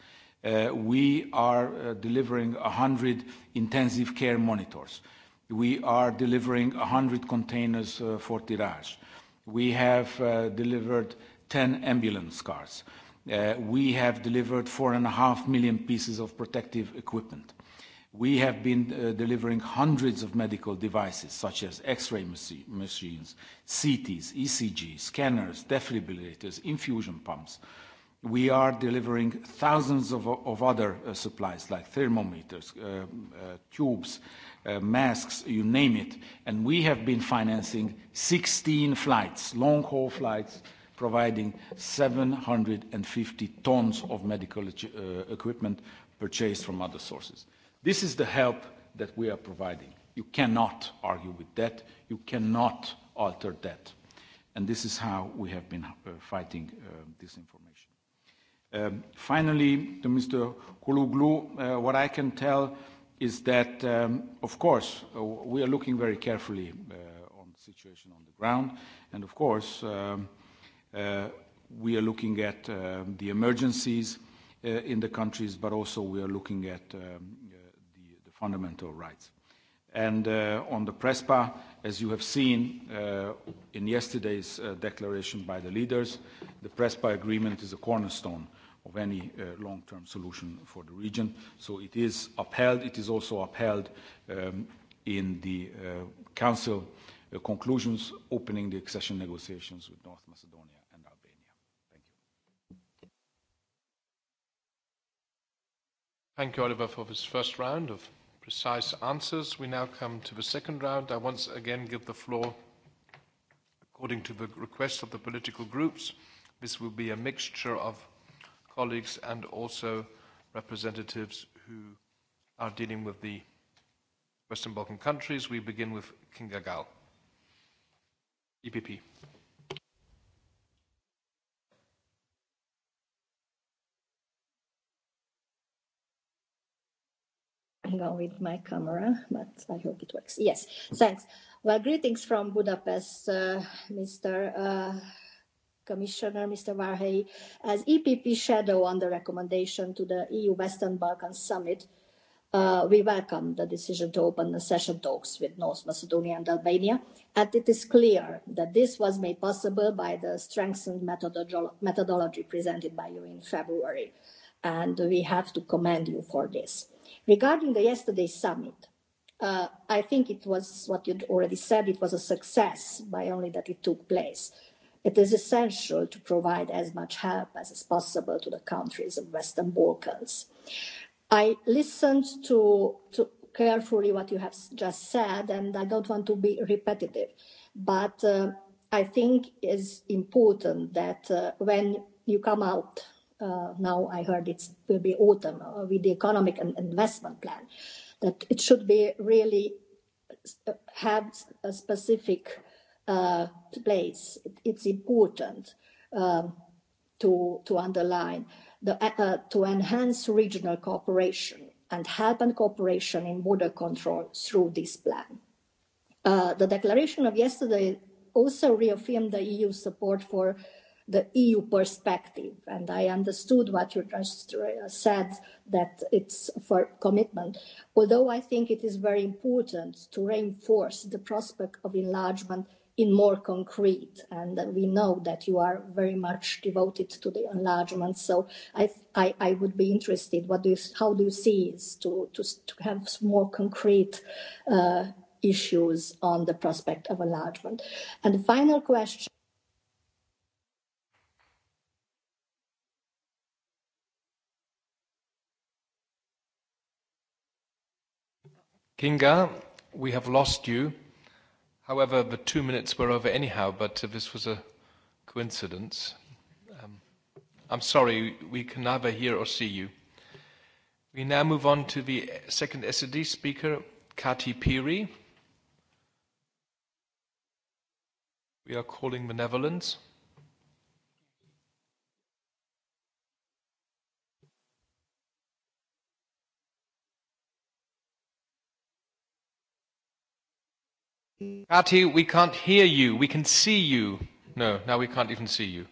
We are delivering 100 intensive care monitors. We are delivering 100 containers uh, for Tiraj. Uh, uh, we have delivered 10 ambulance cars. We have delivered 4.5 million pieces of protective equipment. We have been delivering hundreds of medical devices, such as X-ray machines, CTs, ECG, scanners, defibrillators, infusion pumps. We are delivering thousands of other supplies like thermometers, um, tubes, Uh, masks, you name it. And we have been financing 16 flights, long-haul flights, providing 750 tons of medical uh, equipment purchased from other sources. This is the help that we are providing. You cannot argue with that. You cannot alter that. And this is how we have been uh, fighting this disinformation. Um, finally, to Mr. Kouloglou, what I can tell is that, um, of course, uh, we are looking very carefully uh, on the situation on the ground, and of course, um, uh, we are looking at uh, the emergencies uh, in the countries, but also we are looking at um, uh, the, the fundamental rights. And uh, on the PRESPA, as you have seen uh, in yesterday's uh, declaration by the leaders, the PRESPA agreement is a cornerstone of any uh, long-term solution for the region. So it is upheld. It is also upheld um, in the uh, Council uh, conclusions opening the accession negotiations with North Macedonia and Albania. Thank you. Thank you, Oliver, for this first round of precise answers. We now come to the second round. I once again give the floor according to the request of the political groups. This will be a mixture of colleagues and also representatives who are dealing with the Western Balkan countries. We begin with Kinga Gal, EPP. hang with my camera, but I hope it works. Yes, thanks. Well, greetings from Budapest, uh, Mr. Commissioner, Mr. Varhey, as EPP shadow on the recommendation to the EU Western Balkans Summit, uh, we welcome the decision to open the session talks with North Macedonia and Albania, and it is clear that this was made possible by the strengthened methodolo- methodology presented by you in February, and we have to commend you for this. Regarding the yesterday's summit, uh, I think it was what you'd already said, it was a success by only that it took place It is essential to provide as much help as is possible to the countries of Western Balkans. I listened to, to carefully what you have just said, and I don't want to be repetitive, but uh, I think it's important that uh, when you come out, uh, now I heard it will be autumn uh, with the economic and investment plan, that it should be really uh, have a specific uh, place. It, it's important um, to, to underline the, uh, uh to enhance regional cooperation and help and cooperation in border control through this plan. Uh, the declaration of yesterday also reaffirmed the EU support for the EU perspective. And I understood what you just uh, said, that it's for commitment. Although I think it is very important to reinforce the prospect of enlargement in more concrete, and we know that you are very much devoted to the enlargement. So I I, I would be interested. What do you, how do you see is to to to have more concrete uh, issues on the prospect of enlargement? And the final question. Kinga, we have lost you. However, the two minutes were over anyhow, but uh, this was a coincidence. Um, I'm sorry, we can neither hear or see you. We now move on to the second SED speaker, Kati Piri. We are calling the Netherlands. Kati, we can't hear you. We can see you. No, now we can't even see you.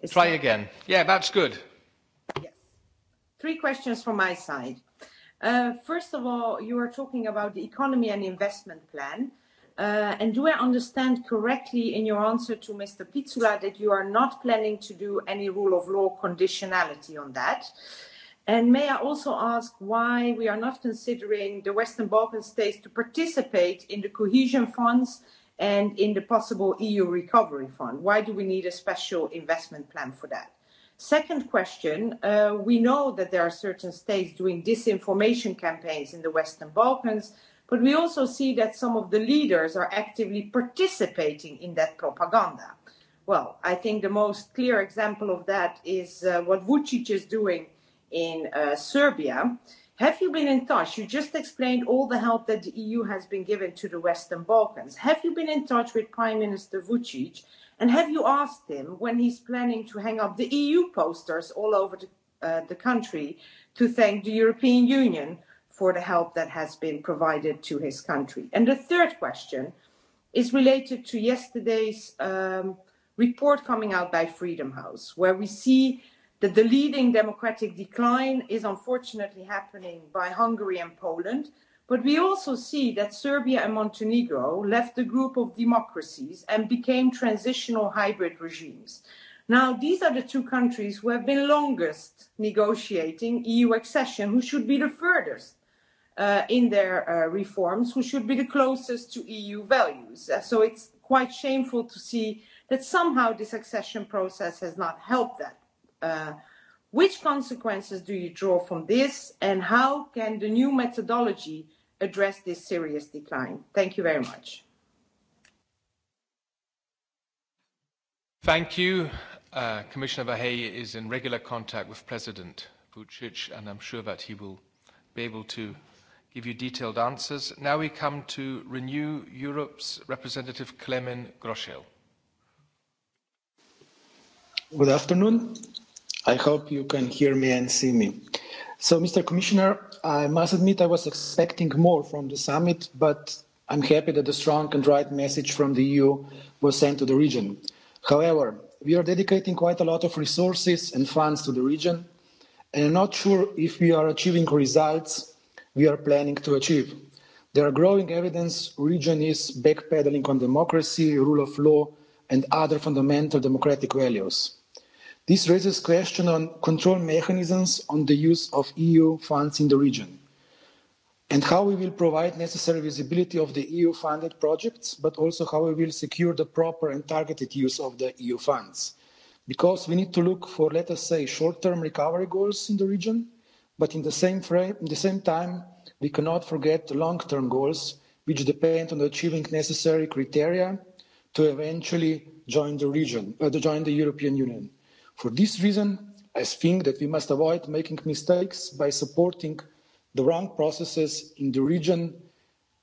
It's Try again. Yeah, that's good. Yes. Three questions from my side. Uh, first of all, you are talking about the economy and investment plan. Uh, and do I understand correctly in your answer to Mr. Pizzula that you are not planning to do any rule of law conditionality on that? Uh, And may I also ask why we are not considering the Western Balkan states to participate in the cohesion funds and in the possible EU recovery fund? Why do we need a special investment plan for that? Second question, uh, we know that there are certain states doing disinformation campaigns in the Western Balkans, but we also see that some of the leaders are actively participating in that propaganda. Well, I think the most clear example of that is uh, what Vucic is doing – in uh, Serbia. Have you been in touch? You just explained all the help that the EU has been given to the Western Balkans. Have you been in touch with Prime Minister Vucic? And have you asked him when he's planning to hang up the EU posters all over the, uh, the country to thank the European Union for the help that has been provided to his country? And the third question is related to yesterday's um, report coming out by Freedom House, where we see that the leading democratic decline is unfortunately happening by Hungary and Poland, but we also see that Serbia and Montenegro left the group of democracies and became transitional hybrid regimes. Now, these are the two countries who have been longest negotiating EU accession, who should be the furthest uh, in their uh, reforms, who should be the closest to EU values. Uh, so it's quite shameful to see that somehow this accession process has not helped that. Uh, which consequences do you draw from this, and how can the new methodology address this serious decline? Thank you very much. Thank you. Uh, Commissioner Vahey is in regular contact with President Vucic, and I'm sure that he will be able to give you detailed answers. Now we come to Renew Europe's representative, Clemen Groschel. Good afternoon. I hope you can hear me and see me. So, Mr. Commissioner, I must admit I was expecting more from the summit, but I'm happy that the strong and right message from the EU was sent to the region. However, we are dedicating quite a lot of resources and funds to the region, and I'm not sure if we are achieving results we are planning to achieve. There are growing evidence region is backpedaling on democracy, rule of law, and other fundamental democratic values. This raises question on control mechanisms on the use of EU funds in the region and how we will provide necessary visibility of the EU-funded projects, but also how we will secure the proper and targeted use of the EU funds. Because we need to look for, let us say, short-term recovery goals in the region, but in the same, frame, in the same time, we cannot forget the long-term goals, which depend on achieving necessary criteria to eventually join the region, uh, to join the European Union. For this reason, I think that we must avoid making mistakes by supporting the wrong processes in the region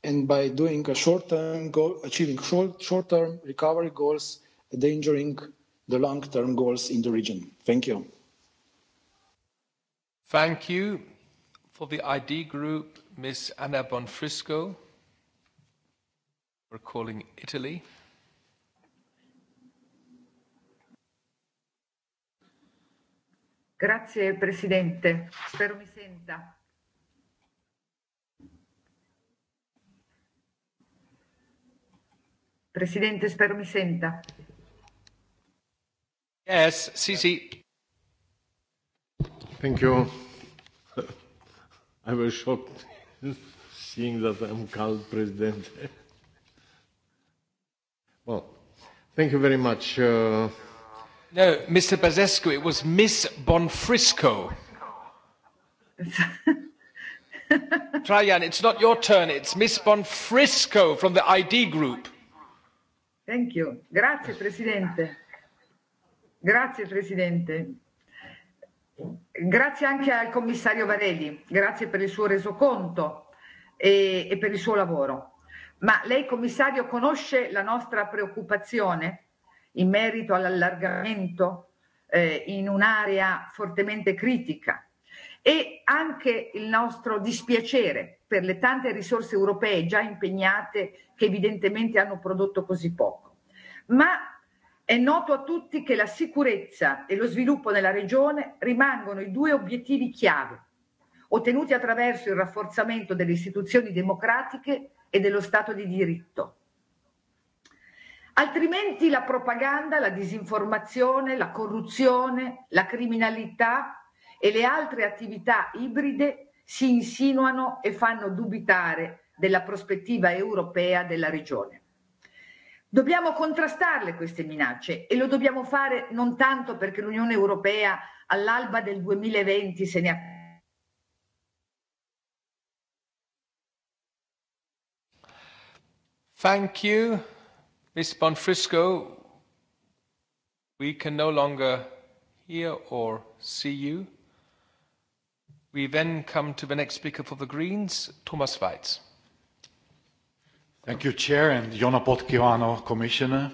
and by doing a short-term goal, achieving short, short-term recovery goals, endangering the long-term goals in the region. Thank you. Thank you. For the ID Group, Ms. Anna Bonfrisco. We're calling Italy. Grazie Presidente, spero mi senta. Presidente, spero mi senta. Yes, sì, sì. Thank you. I was shocked seeing that I'm called Presidente. Well, thank you very much. Uh, No, Mr. Bazescu, it was Miss Bonfrisco. Trajan, it's not your turn. It's Miss Bonfrisco from the ID group. Thank you. Grazie, Presidente. Grazie, Presidente. Grazie anche al commissario Varelli, grazie per il suo resoconto e, e per il suo lavoro. Ma lei, commissario, conosce la nostra preoccupazione in merito all'allargamento eh, in un'area fortemente critica e anche il nostro dispiacere per le tante risorse europee già impegnate che evidentemente hanno prodotto così poco. Ma è noto a tutti che la sicurezza e lo sviluppo della regione rimangono i due obiettivi chiave, ottenuti attraverso il rafforzamento delle istituzioni democratiche e dello Stato di diritto. Altrimenti la propaganda, la disinformazione, la corruzione, la criminalità e le altre attività ibride si insinuano e fanno dubitare della prospettiva europea della regione. Dobbiamo contrastarle queste minacce e lo dobbiamo fare non tanto perché l'Unione Europea all'alba del 2020 se ne ha... Thank you. Ms. Bonfrisco, we can no longer hear or see you. We then come to the next speaker for the Greens, Thomas Weitz. Thank you, Chair, and Jona Potkiwano, Commissioner.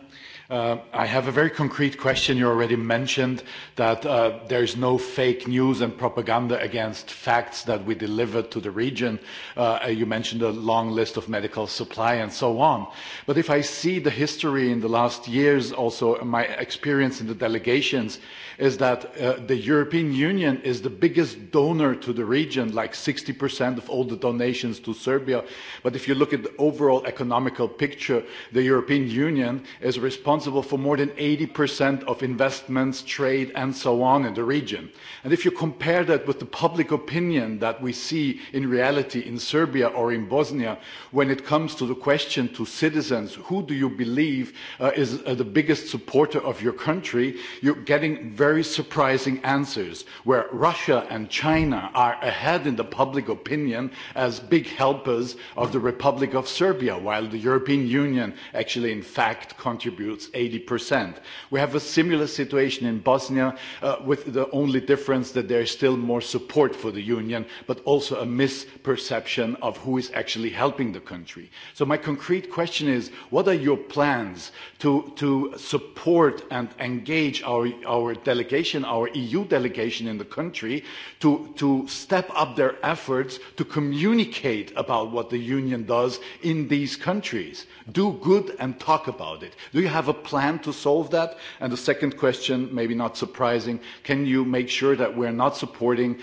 Uh, I have a very concrete question. You already mentioned that uh, there is no fake news and propaganda against facts that we deliver to the region. Uh, you mentioned a long list of medical supply and so on. But if I see the history in the last years, also my experience in the delegations, is that uh, the European Union is the biggest donor to the region, like 60% of all the donations to Serbia. But if you look at the overall economical picture, the European Union is responsible responsible for more than 80% of investments, trade, and so on in the region. And if you compare that with the public opinion that we see in reality in Serbia or in Bosnia, when it comes to the question to citizens, who do you believe uh, is uh, the biggest supporter of your country, you're getting very surprising answers, where Russia and China are ahead in the public opinion as big helpers of the Republic of Serbia, while the European Union actually, in fact, contributes it's 80%. We have a similar situation in Bosnia uh, with the only difference that there is still more support for the union, but also a misperception of who is actually helping the country. So my concrete question is, what are your plans to, to support and engage our, our delegation, our EU delegation in the country to, to step up their efforts to communicate about what the union does in these countries? Do good and talk about it. Do you have a a plan to solve that? And the second question, maybe not surprising, can you make sure that we're not supporting uh,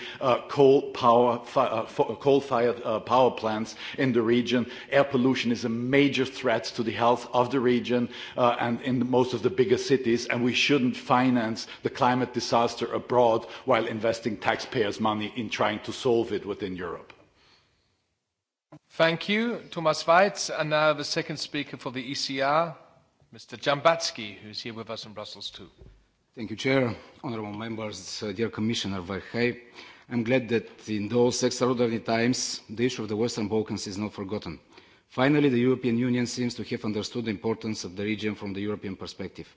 coal power, uh, uh coal-fired uh, power plants in the region? Air pollution is a major threat to the health of the region uh, and in most of the bigger cities, and we shouldn't finance the climate disaster abroad while investing taxpayers' money in trying to solve it within Europe. Thank you, Thomas Weitz. And now the second speaker for the ECR, Mr. Jambatsky, who is here with us in Brussels too. Thank you, Chair, honourable members, uh, dear Commissioner Verhey. I'm glad that in those extraordinary times, the issue of the Western Balkans is not forgotten. Finally, the European Union seems to have understood the importance of the region from the European perspective.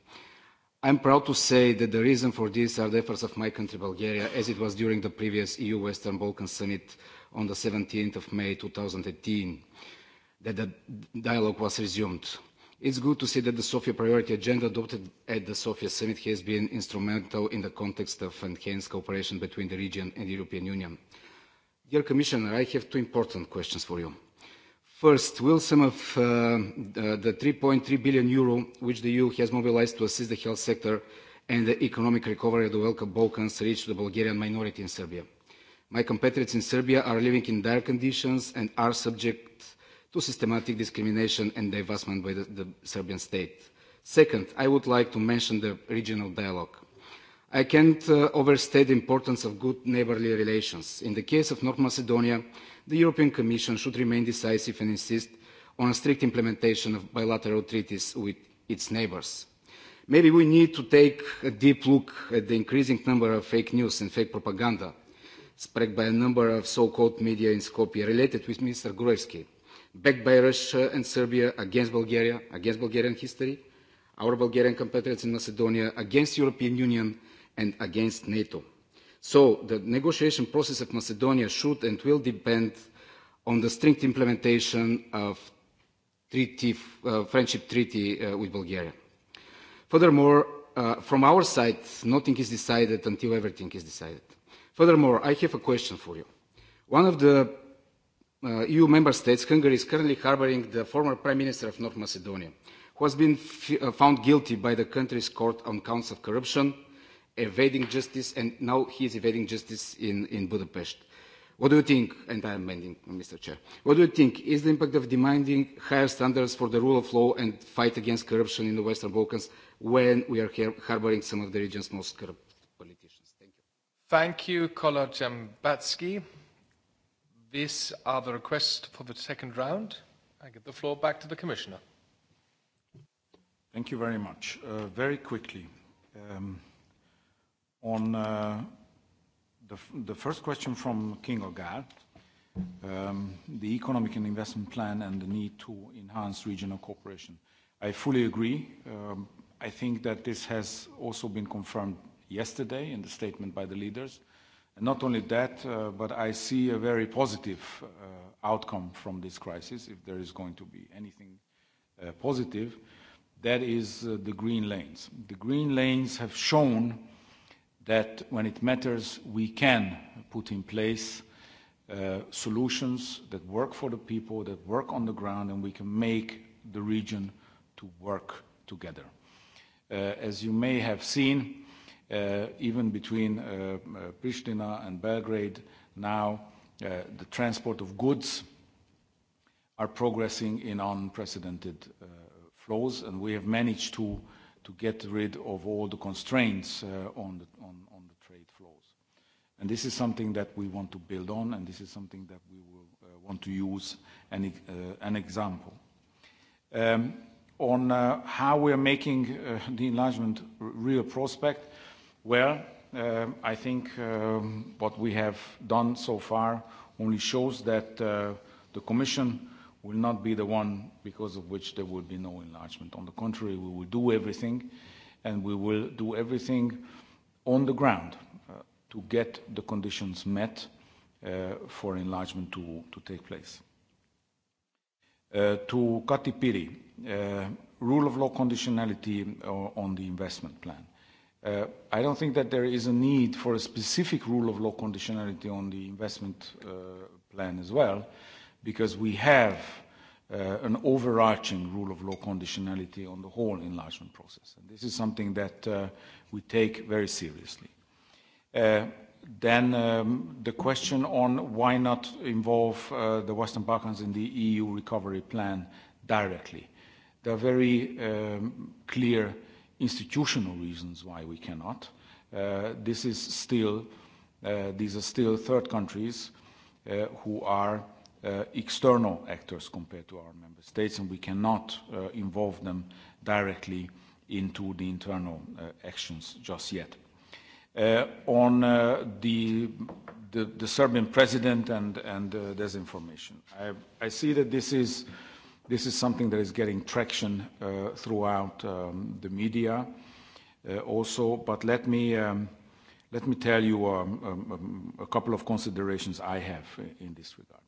I'm proud to say that the reason for this are the efforts of my country, Bulgaria, as it was during the previous EU Western Balkans Summit on the 17th of May 2018, that the dialogue was resumed. It's good to see that the Sofia priority agenda adopted at the Sofia summit has been instrumental in the context of enhanced cooperation between the region and the European Union. Dear Commissioner, I have two important questions for you. First, will some of uh, the 3.3 billion euro which the EU has mobilized to assist the health sector and the economic recovery of the Balkans reach the Bulgarian minority in Serbia? My compatriots in Serbia are living in dire conditions and are subject to systematic discrimination and divestment by the, the Serbian state. Second, I would like to mention the regional dialogue. I can't uh, overstate the importance of good neighbourly relations. In the case of North Macedonia, the European Commission should remain decisive and insist on a strict implementation of bilateral treaties with its neighbours. Maybe we need to take a deep look at the increasing number of fake news and fake propaganda spread by a number of so-called media in Skopje related with Mr. Gruevski backed by Russia and Serbia against Bulgaria, against Bulgarian history, our Bulgarian compatriots in Macedonia, against European Union and against NATO. So the negotiation process of Macedonia should and will depend on the strict implementation of treaty, uh, friendship treaty uh, with Bulgaria. Furthermore, uh, from our side, nothing is decided until everything is decided. Furthermore, I have a question for you. One of the uh, EU member states, Hungary is currently harboring the former Prime Minister of North Macedonia, who has been uh, found guilty by the country's court on counts of corruption, evading justice, and now he is evading justice in, in Budapest. What do you think, and I am ending, Mr. Chair, what do you think is the impact of demanding higher standards for the rule of law and fight against corruption in the Western Balkans when we are harboring some of the region's most corrupt politicians? Thank you. Thank you, Jambatsky. These are the requests for the second round. I give the floor back to the Commissioner. Thank you very much. Uh, very quickly, um, on uh, the, the first question from King Ogar, um, the economic and investment plan and the need to enhance regional cooperation. I fully agree. Um, I think that this has also been confirmed yesterday in the statement by the leaders. Uh, not only that, uh, but I see a very positive uh, outcome from this crisis, if there is going to be anything uh, positive. That is uh, the green lanes. The green lanes have shown that when it matters, we can put in place uh, solutions that work for the people, that work on the ground, and we can make the region to work together. Uh, as you may have seen, uh, even between uh, uh, Pristina and Belgrade, now uh, the transport of goods are progressing in unprecedented uh, flows, and we have managed to, to get rid of all the constraints uh, on, the, on, on the trade flows. And this is something that we want to build on, and this is something that we will uh, want to use an, uh, an example. Um, on uh, how we are making uh, the enlargement real prospect, Well, um, I think um, what we have done so far only shows that uh, the Commission will not be the one because of which there will be no enlargement. On the contrary, we will do everything, and we will do everything on the ground uh, to get the conditions met uh, for enlargement to, to take place. Uh, to Kati Piri, uh, rule of law conditionality uh, on the investment plan. Uh, I don't think that there is a need for a specific rule of law conditionality on the investment uh, plan as well, because we have uh, an overarching rule of law conditionality on the whole enlargement process. And this is something that uh, we take very seriously. Uh, then um, the question on why not involve uh, the Western Balkans in the EU recovery plan directly. There are very um, clear uh, institutional reasons why we cannot. Uh, this is still, uh, these are still third countries uh, who are uh, external actors compared to our member states, and we cannot uh, involve them directly into the internal uh, actions just yet. Uh, on uh, the, the, the Serbian president and, and uh, disinformation, I, I see that this is This is something that is getting traction uh, throughout um, the media uh, also. But let me, um, let me tell you um, a couple of considerations I have in this regard.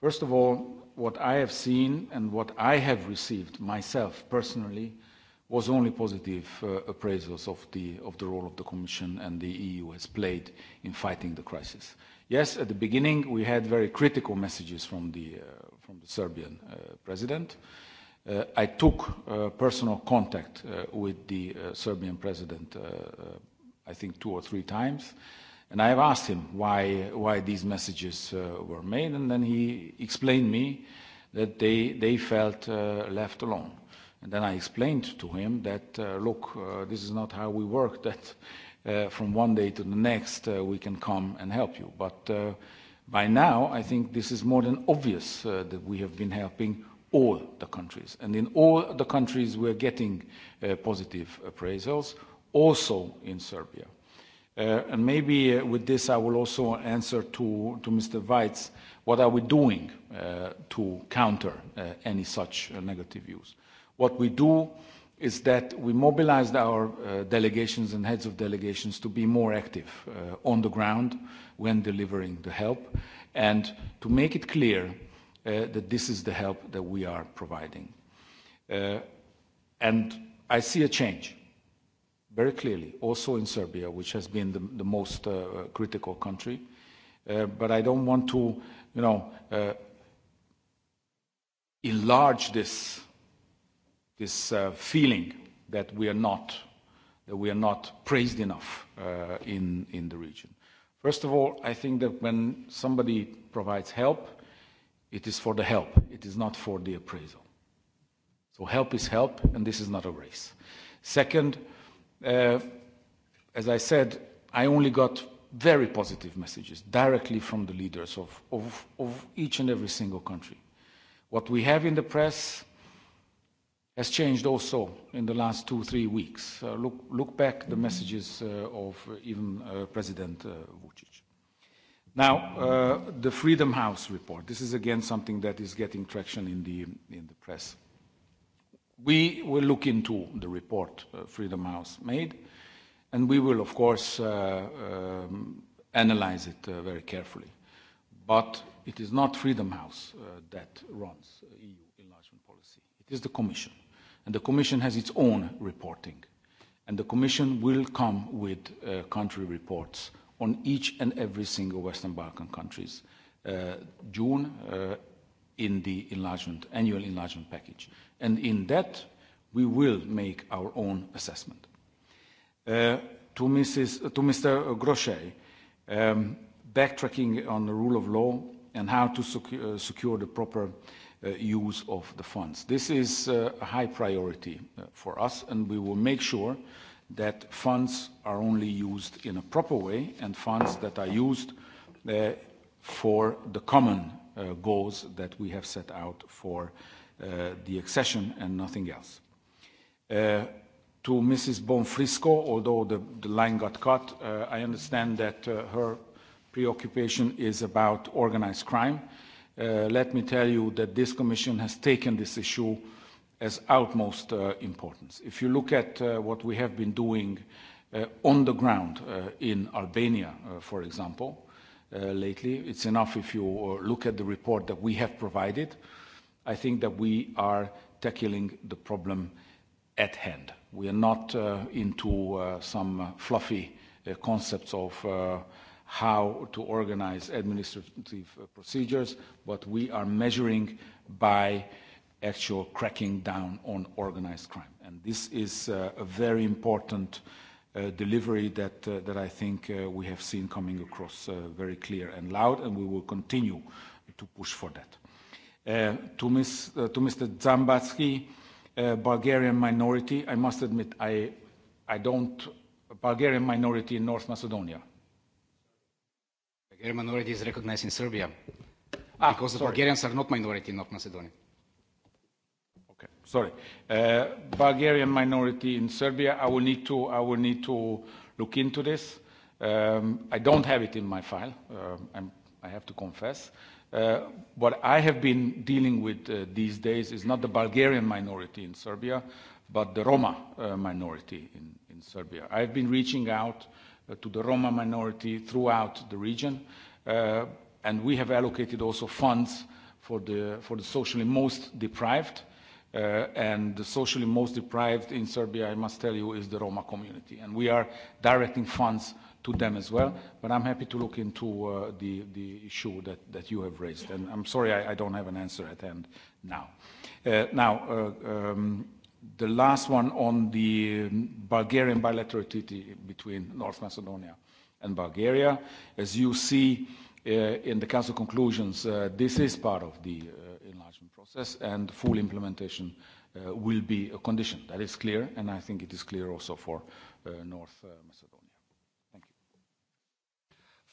First of all, what I have seen and what I have received myself personally was only positive uh, appraisals of the, of the role of the Commission and the EU has played in fighting the crisis. Yes, at the beginning we had very critical messages from the, from the Serbian uh, president. Uh, I took uh, personal contact with the Serbian president, I think, two or three times. And I have asked him why, why these messages were made. And then he explained me that they, they felt left alone. And then I explained to him that, uh, look, uh, this is not how we work, that uh, from one day to the next uh, we can come and help you. But uh, By now, I think this is more than obvious uh, that we have been helping all the countries. And in all the countries, we're getting uh, positive appraisals, also in Serbia. Uh, and maybe uh, with this, I will also answer to, to Mr. Weitz, what are we doing uh, to counter uh, any such uh, negative views? What we do is that we mobilized our uh, delegations and heads of delegations to be more active uh, on the ground when delivering the help and to make it clear uh, that this is the help that we are providing. Uh, and I see a change very clearly, also in Serbia, which has been the, the most uh, critical country. Uh, but I don't want to, you know, uh, enlarge this this uh, feeling that we are not that we are not praised enough uh, in in the region. First of all, I think that when somebody provides help, it is for the help. It is not for the appraisal. So help is help, and this is not a race. Second, uh, as I said, I only got very positive messages directly from the leaders of, of, of each and every single country. What we have in the press has changed also in the last two, three weeks. Uh, look, look back the messages uh, of uh, even uh, President uh, Vucic. Now, uh, the Freedom House report. This is again something that is getting traction in the, in the press. We will look into the report uh, Freedom House made, and we will, of course, uh, um, analyze it uh, very carefully. But it is not Freedom House uh, that runs uh, EU enlargement policy. It is the Commission And the Commission has its own reporting. And the Commission will come with uh, country reports on each and every single Western Balkan countries. Uh, June uh, in the enlargement, annual enlargement package. And in that, we will make our own assessment. Uh, to, Mrs., uh, to Mr. Grochet, um, backtracking on the rule of law and how to secu uh, secure the proper uh, Uh, use of the funds. This is uh, a high priority uh, for us, and we will make sure that funds are only used in a proper way and funds that are used uh, for the common uh, goals that we have set out for uh, the accession and nothing else. To Mrs. Bonfrisco, although the, the line got cut, I understand that her preoccupation is about organized crime. Uh, let me tell you that this Commission has taken this issue as utmost uh, importance. If you look at uh, what we have been doing uh, on the ground uh, in Albania, uh, for example, uh, lately, it's enough if you uh, look at the report that we have provided. I think that we are tackling the problem at hand. We are not uh, into uh, some fluffy uh, concepts of uh, how to organize administrative uh, procedures, but we are measuring by actual cracking down on organized crime. And this is uh, a very important uh, delivery that, that I think we have seen coming across very clear and loud, and we will continue to push for that. to, Mr. Dzhambazki, Bulgarian minority, I must admit, I, I don't, Bulgarian minority in North Macedonia, The Hungarian minority is recognized in Serbia ah, because sorry. the Bulgarians are not minority in North Macedonia. Okay, sorry. Uh, Bulgarian minority in Serbia. I will need to. I will need to look into this. Um, I don't have it in my file. Uh, I'm, I have to confess. Uh, what I have been dealing with uh, these days is not the Bulgarian minority in Serbia, but the Roma uh, minority in, in Serbia. I've been reaching out Uh, to the Roma minority throughout the region. Uh, and we have allocated also funds for the, for the socially most deprived. Uh, and the socially most deprived in Serbia, I must tell you, is the Roma community. And we are directing funds to them as well. But I'm happy to look into uh, the, the issue that, that you have raised. And I'm sorry I, I don't have an answer at hand now. Uh, now, uh, um, the last one on the Bulgarian bilateral treaty between North Macedonia and Bulgaria. As you see uh, in the Council conclusions, uh, this is part of the uh, enlargement process and full implementation uh, will be a condition. That is clear, and I think it is clear also for uh, North uh, Macedonia. Thank you.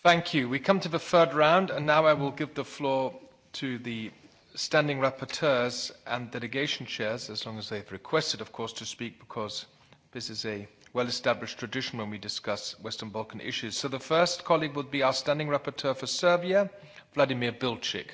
Thank you. We come to the third round, and now I will give the floor to the standing rapporteurs and delegation chairs, as long as they've requested, of course, to speak, because this is a well-established tradition when we discuss Western Balkan issues. So the first colleague would be our standing rapporteur for Serbia, Vladimir Bilcik.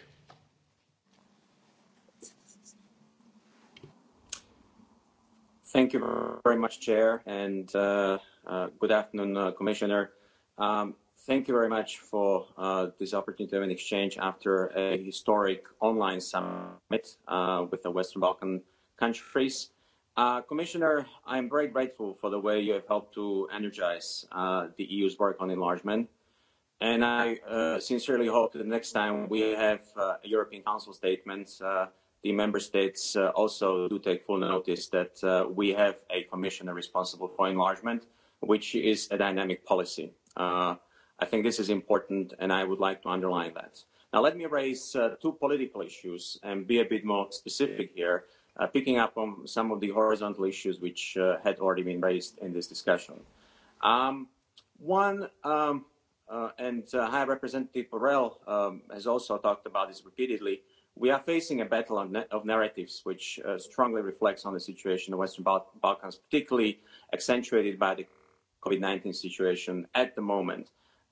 Thank you very much, Chair, and uh, uh, good afternoon, uh, Commissioner. Um, Thank you very much for uh, this opportunity of an exchange after a historic online summit uh, with the Western Balkan countries. Uh, Commissioner, I'm very grateful for the way you have helped to energize uh, the EU's work on enlargement. And I uh, sincerely hope that the next time we have uh, a European Council statement, uh, the member states uh, also do take full notice that uh, we have a commissioner responsible for enlargement, which is a dynamic policy. Uh, I think this is important, and I would like to underline that. Now, let me raise uh, two political issues and be a bit more specific here, uh, picking up on some of the horizontal issues which uh, had already been raised in this discussion. Um, one, um, uh, and uh, High Representative Borrell um, has also talked about this repeatedly, we are facing a battle of, narratives which uh, strongly reflects on the situation in the Western Balkans, particularly accentuated by the COVID-19 situation at the moment.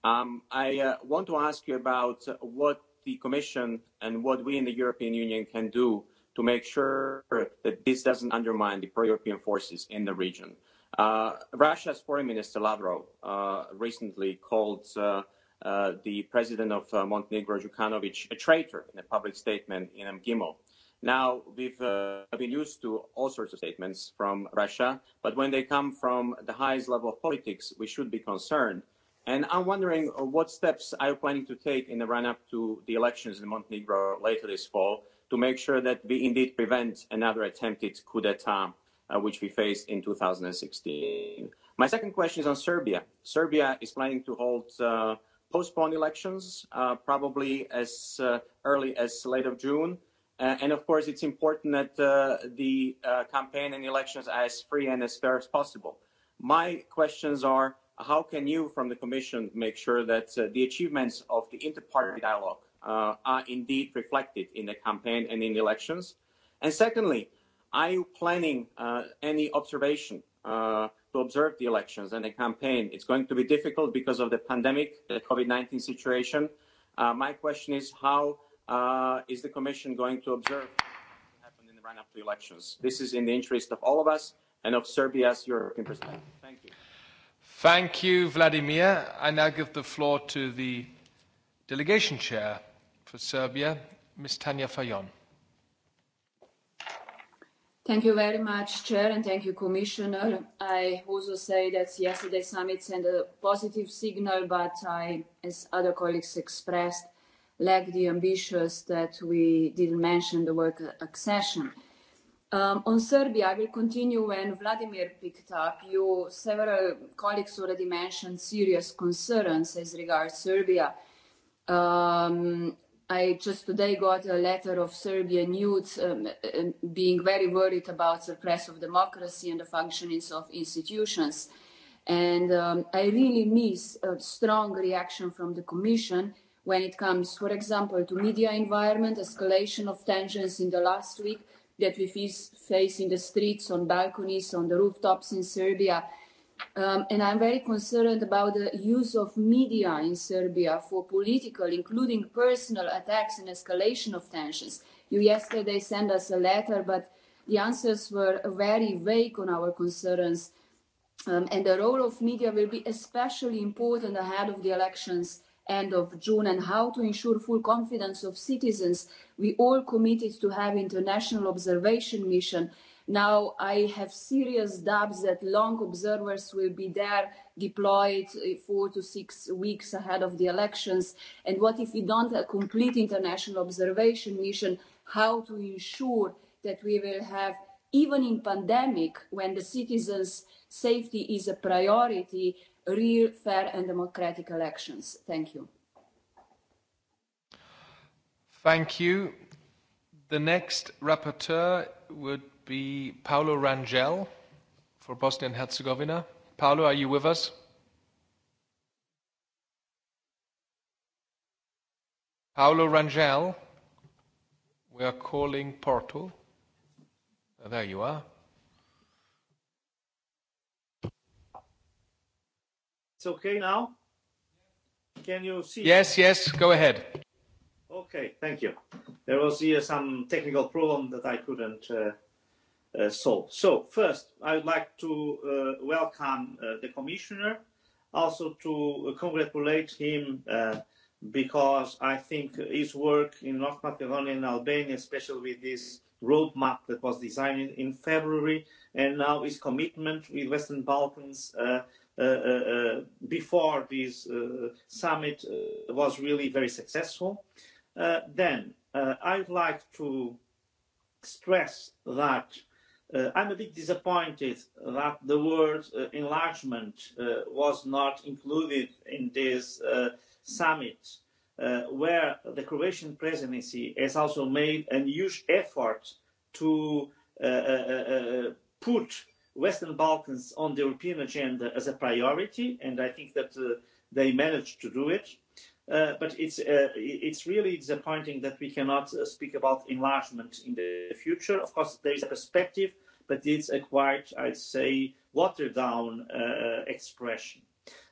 Um, I uh, want to ask you about uh, what the Commission and what we in the European Union can do to make sure that this doesn't undermine the pro-European forces in the region. Uh, Russia's Foreign Minister Lavrov uh, recently called uh, uh, the president of uh, Montenegro, Zhukanovic, a traitor in a public statement in Mgimo. Now, we've uh, been used to all sorts of statements from Russia, but when they come from the highest level of politics, we should be concerned. And I'm wondering uh, what steps are you planning to take in the run-up to the elections in Montenegro later this fall to make sure that we indeed prevent another attempted coup d'etat uh, which we faced in 2016. My second question is on Serbia. Serbia is planning to hold uh, postponed elections uh, probably as uh, early as late of June. Uh, and of course, it's important that uh, the uh, campaign and elections are as free and as fair as possible. My questions are, how can you from the Commission make sure that uh, the achievements of the inter-party dialogue uh, are indeed reflected in the campaign and in the elections? And secondly, are you planning uh, any observation uh, to observe the elections and the campaign? It's going to be difficult because of the pandemic, the COVID-19 situation. Uh, my question is how uh, is the Commission going to observe what happened in the run-up to elections? This is in the interest of all of us and of Serbia's European perspective. Thank you. Thank you, Vladimir. I now give the floor to the delegation chair for Serbia, Ms. Tanja Fajon. Thank you very much, Chair, and thank you, Commissioner. I also say that yesterday's summit sent a positive signal, but I, as other colleagues expressed, lack the ambitions that we didn't mention the word accession. Um, on Serbia, I will continue when Vladimir picked up. You, several colleagues already mentioned serious concerns as regards Serbia. Um, I just today got a letter of Serbian youths um, um, being very worried about the press of democracy and the functionings of institutions. And um, I really miss a strong reaction from the Commission when it comes, for example, to media environment, escalation of tensions in the last week – that we face, face in the streets, on balconies, on the rooftops in Serbia. Um, and I'm very concerned about the use of media in Serbia for political, including personal attacks and escalation of tensions. You yesterday sent us a letter, but the answers were very vague on our concerns. Um, and the role of media will be especially important ahead of the elections end of June and how to ensure full confidence of citizens. We all committed to have international observation mission. Now I have serious doubts that long observers will be there deployed eh, four to six weeks ahead of the elections. And what if we don't have complete international observation mission? How to ensure that we will have even in pandemic when the citizens' safety is a priority real, fair and democratic elections. Thank you. Thank you. The next rapporteur would be Paolo Rangel for Bosnia and Herzegovina. Paolo, are you with us? Paolo Rangel, we are calling Porto. Oh, there you are. okay now? Can you see? Yes, yes, go ahead. Okay, thank you. There was here some technical problem that I couldn't uh, uh, solve. So first, I would like to uh, welcome uh, the commissioner, also to congratulate him uh, because I think his work in North Macedonia and Albania, especially with this roadmap that was designed in February, and now his commitment with Western Balkans uh, Uh, uh, uh, before this summit was really very successful. then uh, I'd like to stress that uh, I'm a bit disappointed that the word uh, enlargement uh, was not included in this uh, summit, uh, where the Croatian presidency has also made a huge effort to uh, uh, uh, put Western Balkans on the European agenda as a priority, and I think that uh, they managed to do it. Uh, but it's uh, it's really disappointing that we cannot uh, speak about enlargement in the future. Of course, there is a perspective, but it's a quite, I'd say, watered down uh, uh expression.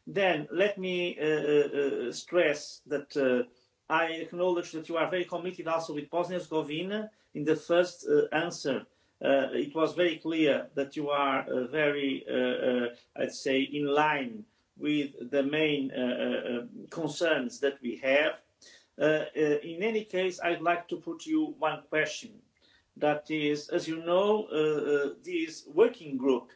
Then let me uh, uh, uh, stress that uh, I acknowledge that you are very committed also with Bosnia and Herzegovina in the first uh, answer uh, it was very clear that you are uh, very, uh, uh, I'd say, in line with the main uh, uh, um, concerns that we have. Uh, uh, in any case, I'd like to put you one question. That is, as you know, uh, uh, this working group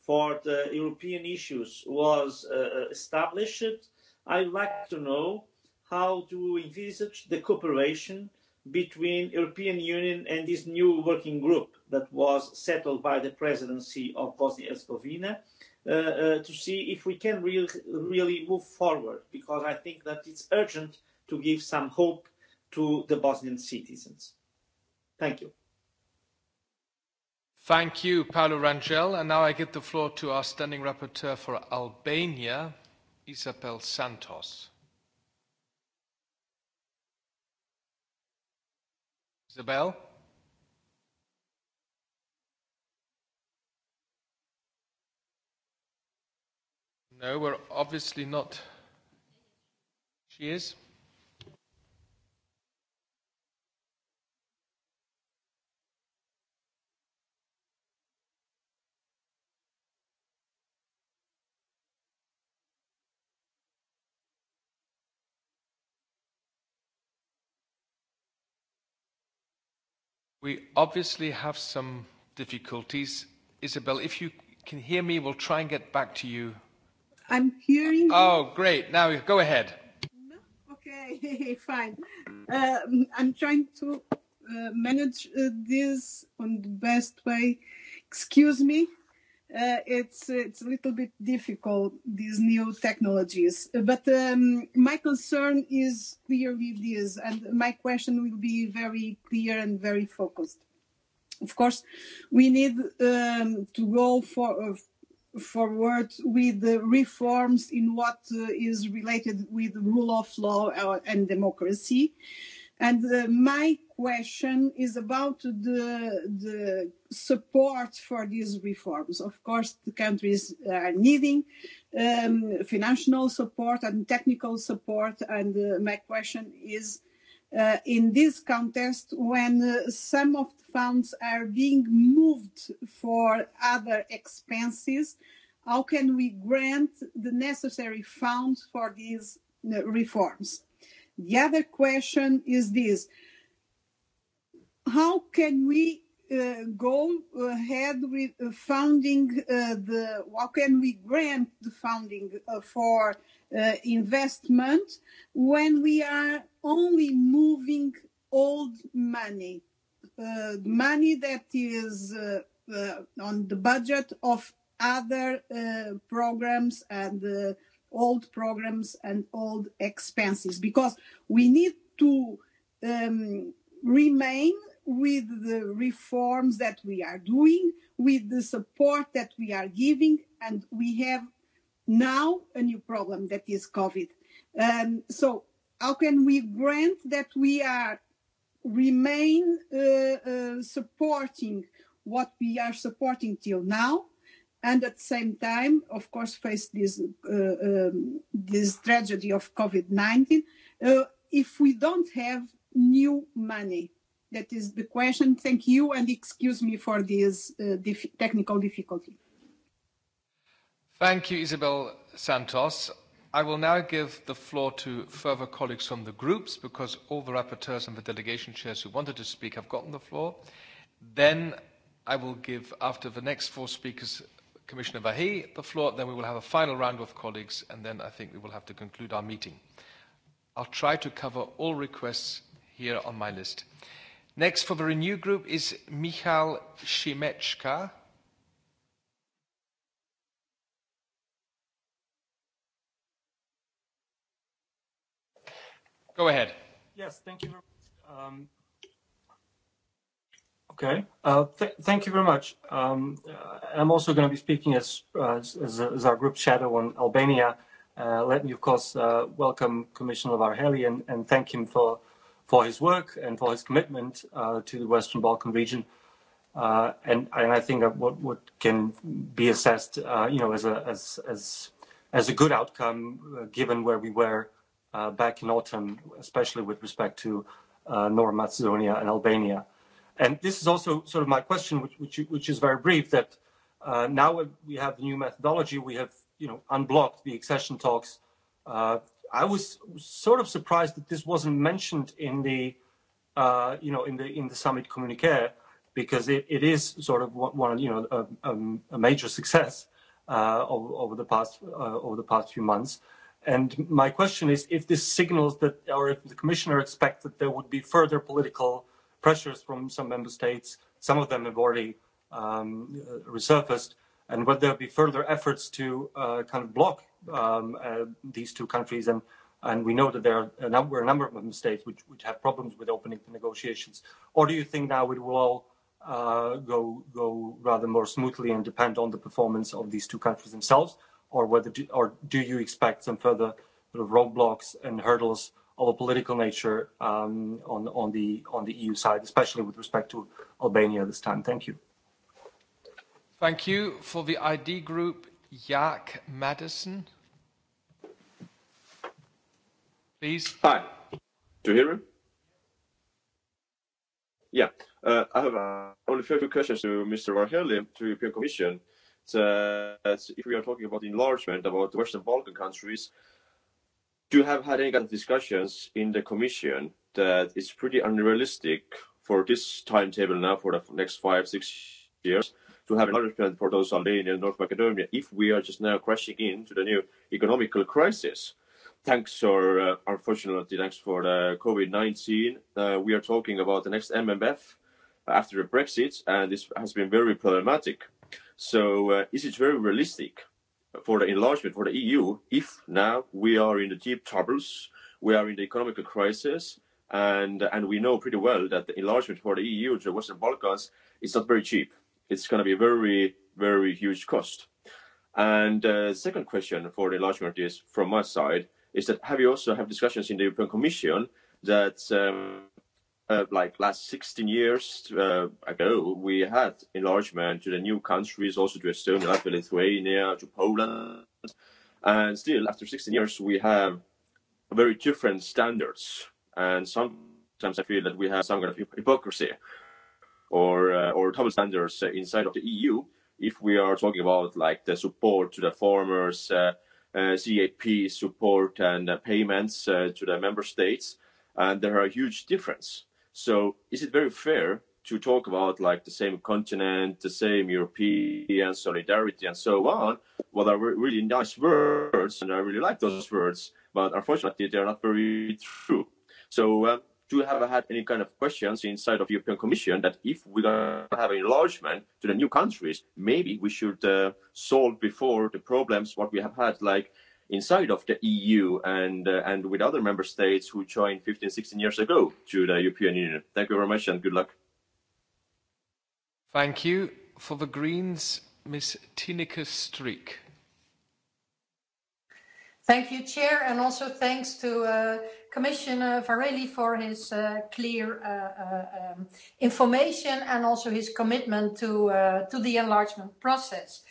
for the European issues was uh, uh established. I'd like to know how to envisage the cooperation between European Union and this new working group that was settled by the presidency of Bosnia and Herzegovina uh, uh, to see if we can re- really move forward because I think that it's urgent to give some hope to the Bosnian citizens. Thank you. Thank you, Paolo Rangel. And now I give the floor to our standing rapporteur for Albania, Isabel Santos. Isabel? No, we're obviously not. She is. We obviously have some difficulties. Isabel, if you can hear me, we'll try and get back to you I'm hearing. Oh, great. Now go ahead. Okay, fine. Um, I'm trying to uh, manage uh, this on the best way. Excuse me. Uh, it's it's a little bit difficult these new technologies, but um, my concern is clearly this, and my question will be very clear and very focused. Of course, we need um, to go for uh, forward with the reforms in what uh, is related with rule of law uh, and democracy. And uh, my question is about the, the support for these reforms. Of course, the countries are needing um, financial support and technical support. And uh, my question is Uh, in this context, when uh, some of the funds are being moved for other expenses, how can we grant the necessary funds for these uh, reforms? The other question is this. How can we Uh, go ahead with funding the uh, what can we grant the funding uh, for investment when we are only moving old money, money that is on the budget of other programs and old programs and old expenses because we need to um, remain with the reforms that we are doing, with the support that we are giving, and we have now a new problem that is COVID. Um, so how can we grant that we are remain uh, uh, supporting what we are supporting till now, and at the same time, of course, face this uh, um, this tragedy of COVID-19 uh, if we don't have new money That is the question. Thank you, and excuse me for this uh, dif technical difficulty. Thank you, Isabel Santos. I will now give the floor to further colleagues from the groups because all the rapporteurs and the delegation chairs who wanted to speak have gotten the floor. Then I will give, after the next four speakers, Commissioner Vahey the floor. Then we will have a final round with colleagues, and then I think we will have to conclude our meeting. I'll try to cover all requests here on my list. Next for the Renew Group is Michal Shimechka. Go ahead. Yes, thank you. Um, okay, uh, th thank you very much. Um, uh, I'm also going to be speaking as, uh, as, as our group shadow on Albania. Uh, let me, of course, uh, welcome Commissioner Varhelyi and, and thank him for for his work and for his commitment uh, to the Western Balkan region. Uh, and, and I think what, what can be assessed, uh, you know, as a as as as a good outcome, uh, given where we were uh, back in autumn, especially with respect to uh, North Macedonia and Albania. And this is also sort of my question, which which, which is very brief. That uh, now we have the new methodology, we have you know unblocked the accession talks uh, I was sort of surprised that this wasn't mentioned in the, uh, you know, in the in the summit communique, because it, it is sort of one, you know, a, a major success uh, over, over the past uh, over the past few months. And my question is, if this signals that, or if the commissioner expects that there would be further political pressures from some member states, some of them have already um, resurfaced, and whether there be further efforts to uh, kind of block um, uh, these two countries, and and we know that there are a number, a number of states which, which have problems with opening the negotiations. Or do you think now it will all uh, go go rather more smoothly and depend on the performance of these two countries themselves, or whether do, or do you expect some further sort of roadblocks and hurdles of a political nature um, on on the on the EU side, especially with respect to Albania this time? Thank you. Thank you for the ID group. Jack Madison. Please. Hi. Do you hear me? Yeah. Uh, I have uh, only a few questions to Mr. Varhelyi, to European Commission. So, uh, if we are talking about enlargement about Western Balkan countries, do you have had any kind of discussions in the Commission that it's pretty unrealistic for this timetable now for the next five, six years to have encouragement for those Albania and North Macedonia if we are just now crashing into the new economical crisis. Thanks, or uh, unfortunately, thanks for the COVID-19, uh, we are talking about the next MMF after the Brexit, and this has been very problematic. So uh, is it very realistic for the enlargement for the EU if now we are in the deep troubles, we are in the economical crisis, and and we know pretty well that the enlargement for the EU to the Western Balkans is not very cheap it's going to be very, very huge cost. And uh, second question for the enlargement is from my side is that have you also have discussions in the European Commission that um, uh, like last 16 years uh, ago we had enlargement to the new countries, also to Estonia, to Lithuania, to Poland, and still after 16 years we have very different standards and sometimes I feel that we have some kind of hypocrisy or uh, or double standards uh, inside of the EU if we are talking about like the support to the farmers, uh, uh, CAP support and uh, payments uh, to the member states, and uh, there are a huge difference. So is it very fair to talk about like the same continent, the same European solidarity and so on? Well, are really nice words, and I really like those words, but unfortunately they are not very true. So Uh, do have had any kind of questions inside of European Commission that if we're going to have enlargement to the new countries, maybe we should uh, solve before the problems what we have had like inside of the EU and uh, and with other member states who joined 15, 16 years ago to the European Union. Thank you very much and good luck. Thank you. For the Greens, Ms. Tinica Streek. Thank you, Chair, and also thanks to uh, Commissioner Varelli for his uh, clear uh, uh, um, information and also his commitment to, uh, to the enlargement process.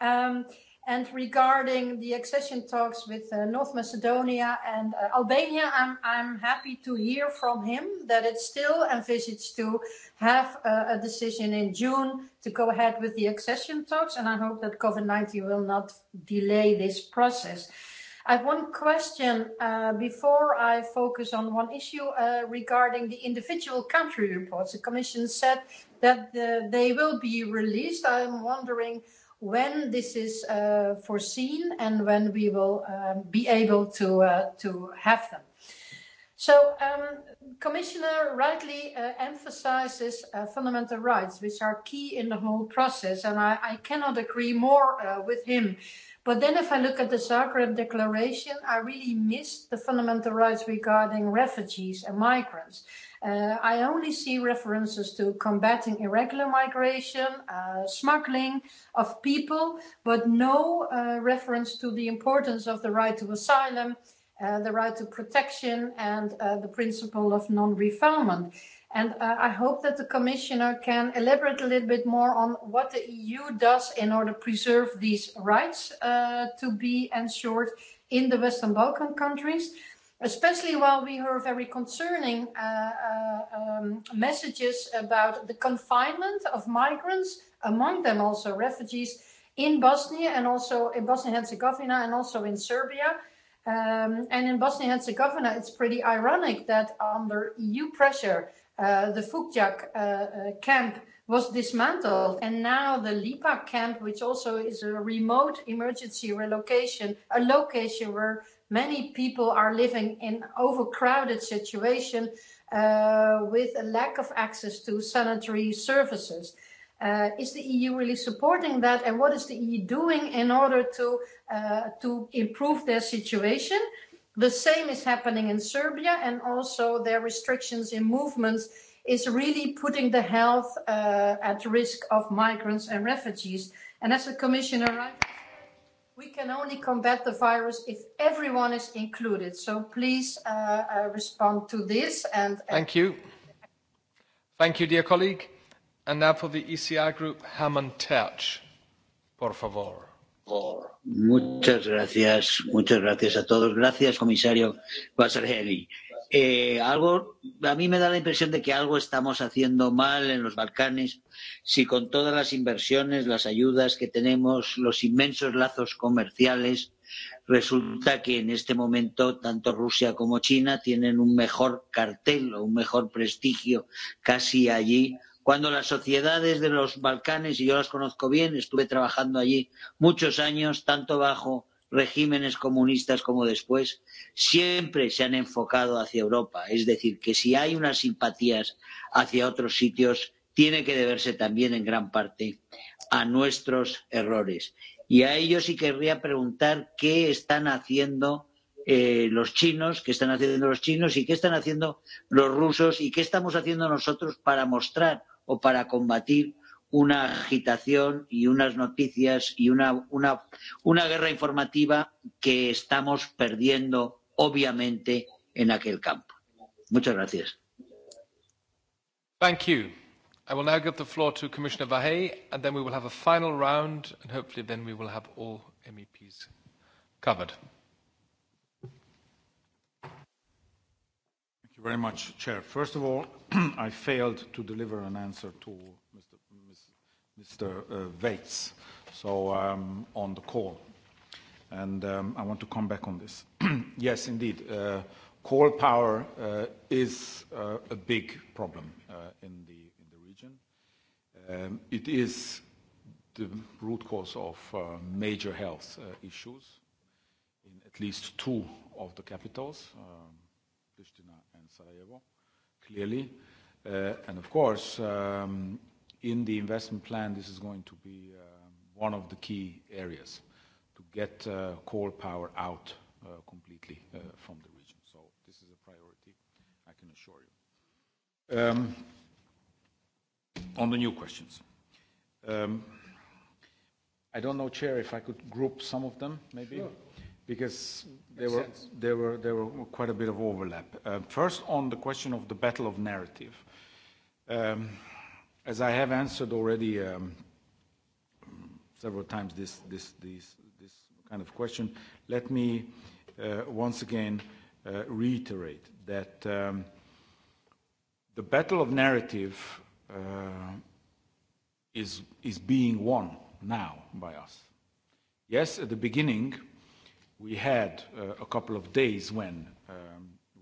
Um, and regarding the accession talks with uh, North Macedonia and uh, Albania, I'm, I'm happy to hear from him that it's still envisaged to have a, uh, a decision in June to go ahead with the accession talks, and I hope that COVID-19 will not delay this process. I have one question uh, before I focus on one issue uh, regarding the individual country reports. The Commission said that the, they will be released. I am wondering when this is uh, foreseen and when we will um, be able to, uh, to have them. So, um, Commissioner rightly uh, emphasizes uh, fundamental rights, which are key in the whole process, and I, I cannot agree more uh, with him. But then if I look at the Zagreb Declaration, I really miss the fundamental rights regarding refugees and migrants. Uh, I only see references to combating irregular migration, uh, smuggling of people, but no uh, reference to the importance of the right to asylum, uh, the right to protection, and uh, the principle of non-refoulement. And uh, I hope that the Commissioner can elaborate a little bit more on what the EU does in order to preserve these rights uh, to be ensured in the Western Balkan countries, especially while we heard very concerning uh, uh, um, messages about the confinement of migrants, among them also refugees, in Bosnia and also in Bosnia and Herzegovina and also in Serbia. Um, and in Bosnia and Herzegovina, it's pretty ironic that under EU pressure, the eh, Fukjak uh, eh, uh, eh, camp was dismantled and now the Lipa camp, which also is a remote emergency relocation, a location where many people are living in overcrowded situation uh, with a lack of access to sanitary services. Uh, is the EU really supporting that, and what is the EU doing in order to uh, to improve their situation? The same is happening in Serbia, and also their restrictions in movements is really putting the health uh, at risk of migrants and refugees. And as the commissioner right, we can only combat the virus if everyone is included. So please uh, uh, respond to this. And uh, thank you, thank you, dear colleague. And now for the ECR group, Hammond Touch, por favor. Muchas gracias, muchas gracias a todos. Gracias, comisario Basargeli. Eh, algo, a mí me da la impresión de que algo estamos haciendo mal en los Balcanes si con todas las inversiones, las ayudas que tenemos, los inmensos lazos comerciales, resulta que en este momento tanto Rusia como China tienen un mejor cartel o un mejor prestigio casi allí cuando las sociedades de los balcanes y yo las conozco bien estuve trabajando allí muchos años tanto bajo regímenes comunistas como después siempre se han enfocado hacia Europa. Es decir, que si hay unas simpatías hacia otros sitios, tiene que deberse también en gran parte a nuestros errores. Y a ello sí querría preguntar qué están haciendo eh, los chinos, qué están haciendo los chinos y qué están haciendo los rusos y qué estamos haciendo nosotros para mostrar o para combatir una agitación y unas noticias y una, una, una guerra informativa que estamos perdiendo, obviamente, en aquel campo. Muchas gracias. Thank you. I will now give the floor to Commissioner Vahe, and then we will have a final round, and hopefully then we will have all MEPs covered. very much, Chair. First of all, I failed to deliver an answer to Mr. Mr. Uh, Vates, so um, on the call. And um, I want to come back on this. yes, indeed, uh, coal power uh, is uh, a big problem uh, in, the, in the region. Um, it is the root cause of uh, major health uh, issues in at least two of the capitals, um, Pristina Sarajevo, clearly. Uh, and of course, um, in the investment plan, this is going to be uh, one of the key areas to get uh, coal power out uh, completely uh, from the region. So this is a priority, I can assure you. Um, on the new questions. Um, I don't know, Chair, if I could group some of them, maybe. Sure because there were, there, were, there were quite a bit of overlap. Uh, first, on the question of the battle of narrative. Um, as I have answered already um, several times this, this, this, this kind of question, let me uh, once again uh, reiterate that um, the battle of narrative uh, is, is being won now by us. Yes, at the beginning, we had uh, a couple of days when um,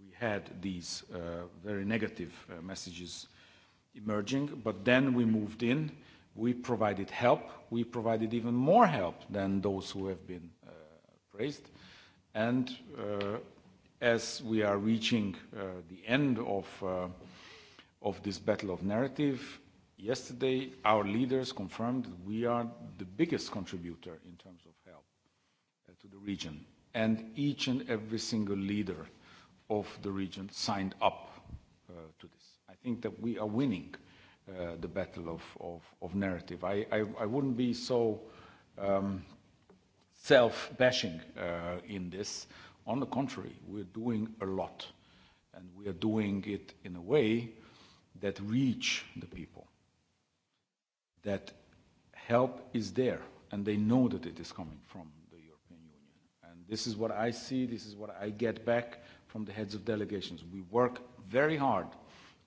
we had these uh, very negative uh, messages emerging, but then we moved in, we provided help, we provided even more help than those who have been uh, praised, and uh, as we are reaching uh, the end of, uh, of this battle of narrative, yesterday our leaders confirmed that we are the biggest contributor in terms of help to the region. And each and every single leader of the region signed up uh, to this. I think that we are winning uh, the battle of, of, of narrative. I, I, I wouldn't be so um, self-bashing uh, in this. On the contrary, we're doing a lot. And we are doing it in a way that reach the people, that help is there, and they know that it is coming from This is what I see, this is what I get back from the heads of delegations. We work very hard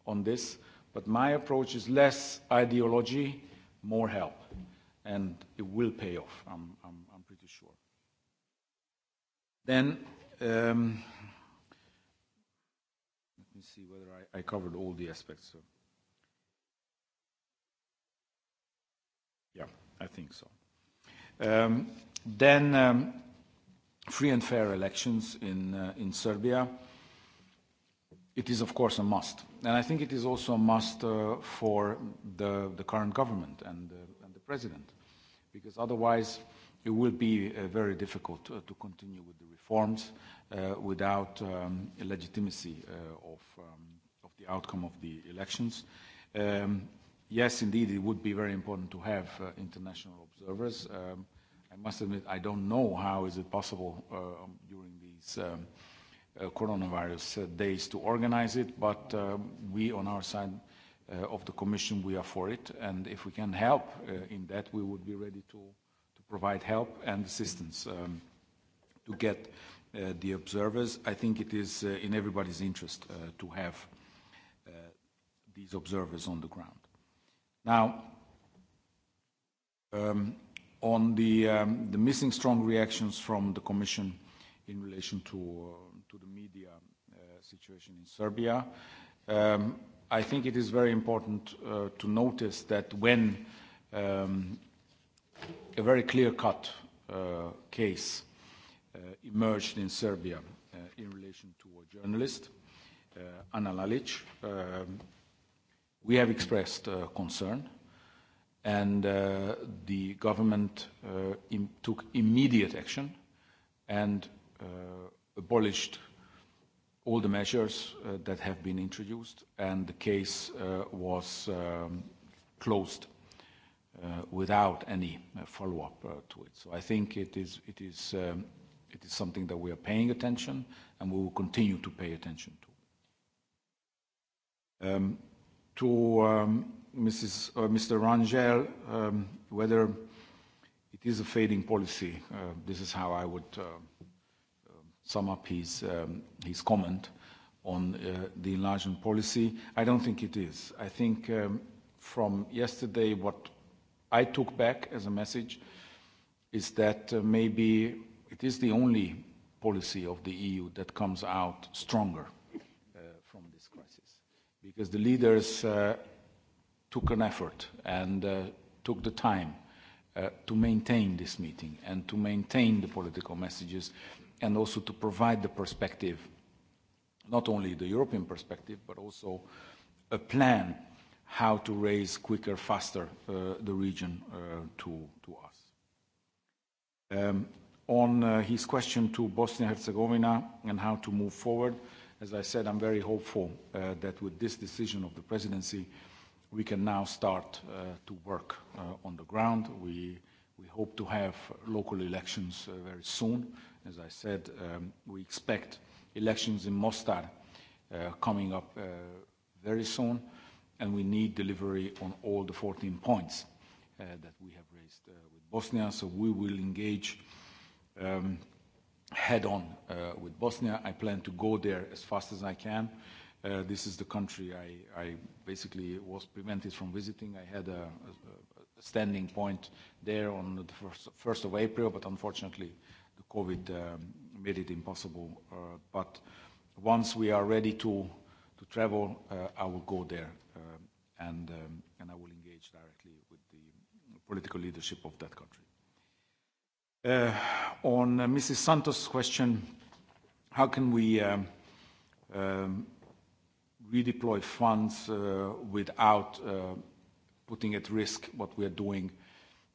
on this, but my approach is less ideology, more help. And it will pay off, I'm, I'm, I'm pretty sure. Then, um, let me see whether I, I covered all the aspects. So. Yeah, I think so. Um, then, um, free and fair elections in, uh, in Serbia, it is, of course, a must. And I think it is also a must uh, for the, the current government and, uh, and the president, because otherwise it will be uh, very difficult uh, to continue with the reforms uh, without um, legitimacy uh, of, um, of the outcome of the elections. Um, yes, indeed, it would be very important to have uh, international observers. Um, I must admit, I don't know how is it possible uh, um, during these um, uh, coronavirus uh, days to organize it, but um, we on our side of the Commission, we are for it, and if we can help in that, we would be ready to, to provide help and assistance um, to get uh, the observers. I think it is uh, in everybody's interest uh, to have uh, these observers on the ground. Now, um, on the, um, the missing strong reactions from the Commission in relation to, uh, to the media uh, situation in Serbia. Um, I think it is very important uh, to notice that when um, a very clear-cut uh, case uh, emerged in Serbia uh, in relation to a journalist, uh, Anna Lalic, uh, um, we have expressed uh, concern and uh, the government uh, Im took immediate action and uh, abolished all the measures uh, that have been introduced, and the case uh, was um, closed uh, without any uh, follow-up uh, to it. So I think it is, it, is, um, it is something that we are paying attention, and we will continue to pay attention to. Um, to um, Mrs. Or Mr. Rangel um, whether it is a fading policy. Uh, this is how I would uh, um, sum up his, um, his comment on uh, the enlargement policy. I don't think it is. I think um, from yesterday, what I took back as a message is that uh, maybe it is the only policy of the EU that comes out stronger uh, from this crisis. Because the leaders uh, took an effort and uh, took the time uh, to maintain this meeting and to maintain the political messages and also to provide the perspective, not only the European perspective, but also a plan how to raise quicker, faster uh, the region uh, to, to us. Um, on uh, his question to Bosnia-Herzegovina and how to move forward, as I said, I'm very hopeful uh, that with this decision of the presidency, uh, we can now start uh, to work uh, on the ground. We, hope to have local elections uh, very soon. As I said, um, we expect elections in Mostar coming up very soon, and we need delivery on all the 14 points that we have raised with Bosnia. So we will engage um, head-on with Bosnia. I plan to go there as fast as I can. Uh, this is the country I, I basically was prevented from visiting. I had a, a, standing point there on the first, st of April, but unfortunately the COVID um, made it impossible. Uh, but once we are ready to, to travel, uh, I will go there uh, and, um, and I will engage directly with the political leadership of that country. Uh, on uh, Mrs. Santos' question, how can we um, um, redeploy funds uh, without uh, putting at risk what we are doing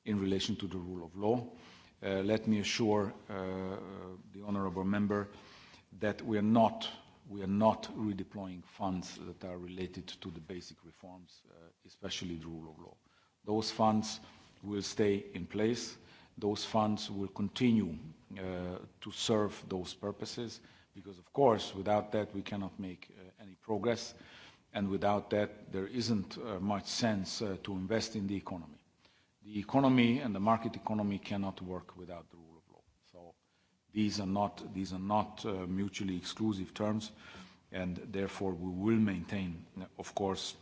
in relation to the rule of law. Uh, let me assure the honorable member that we are not we are not redeploying funds that are related to the basic reforms, especially the rule of law. Those funds will stay in place. Those funds will continue to serve those purposes because of course without that we cannot make uh, any progress and without that there isn't uh, much sense uh, to invest in the economy. The economy and the market economy cannot work without the rule of law. So these are not, these are not uh, mutually exclusive terms and therefore we will maintain, uh, of course,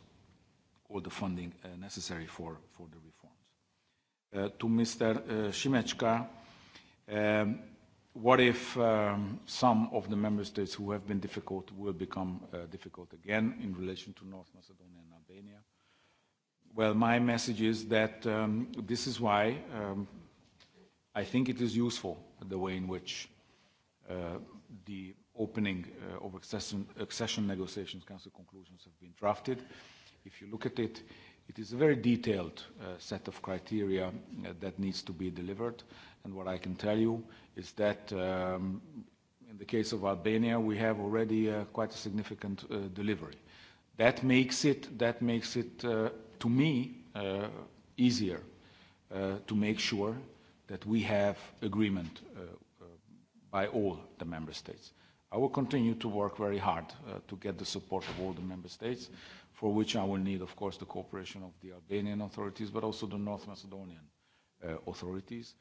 all the funding uh, necessary for, for the reforms. Uh, to Mr. Uh, Shimechka, um, what if um, some of the member states who have been difficult will become uh, difficult again in relation to North Macedonia and Albania? Well, my message is that um, this is why um, I think it is useful the way in which uh, the opening uh, of accession, accession negotiations council conclusions have been drafted. If you look at it, it is a very detailed uh, set of criteria uh, that needs to be delivered. And what I can tell you is that um, in the case of Albania, we have already uh, quite a significant uh, delivery. That makes it, that makes it uh, to me, uh, easier uh, to make sure that we have agreement uh, uh, by all the member states. I will continue to work very hard uh, to get the support of all the member states, for which I will need, of course, the cooperation of the Albanian authorities, but also the North Macedonian uh, authorities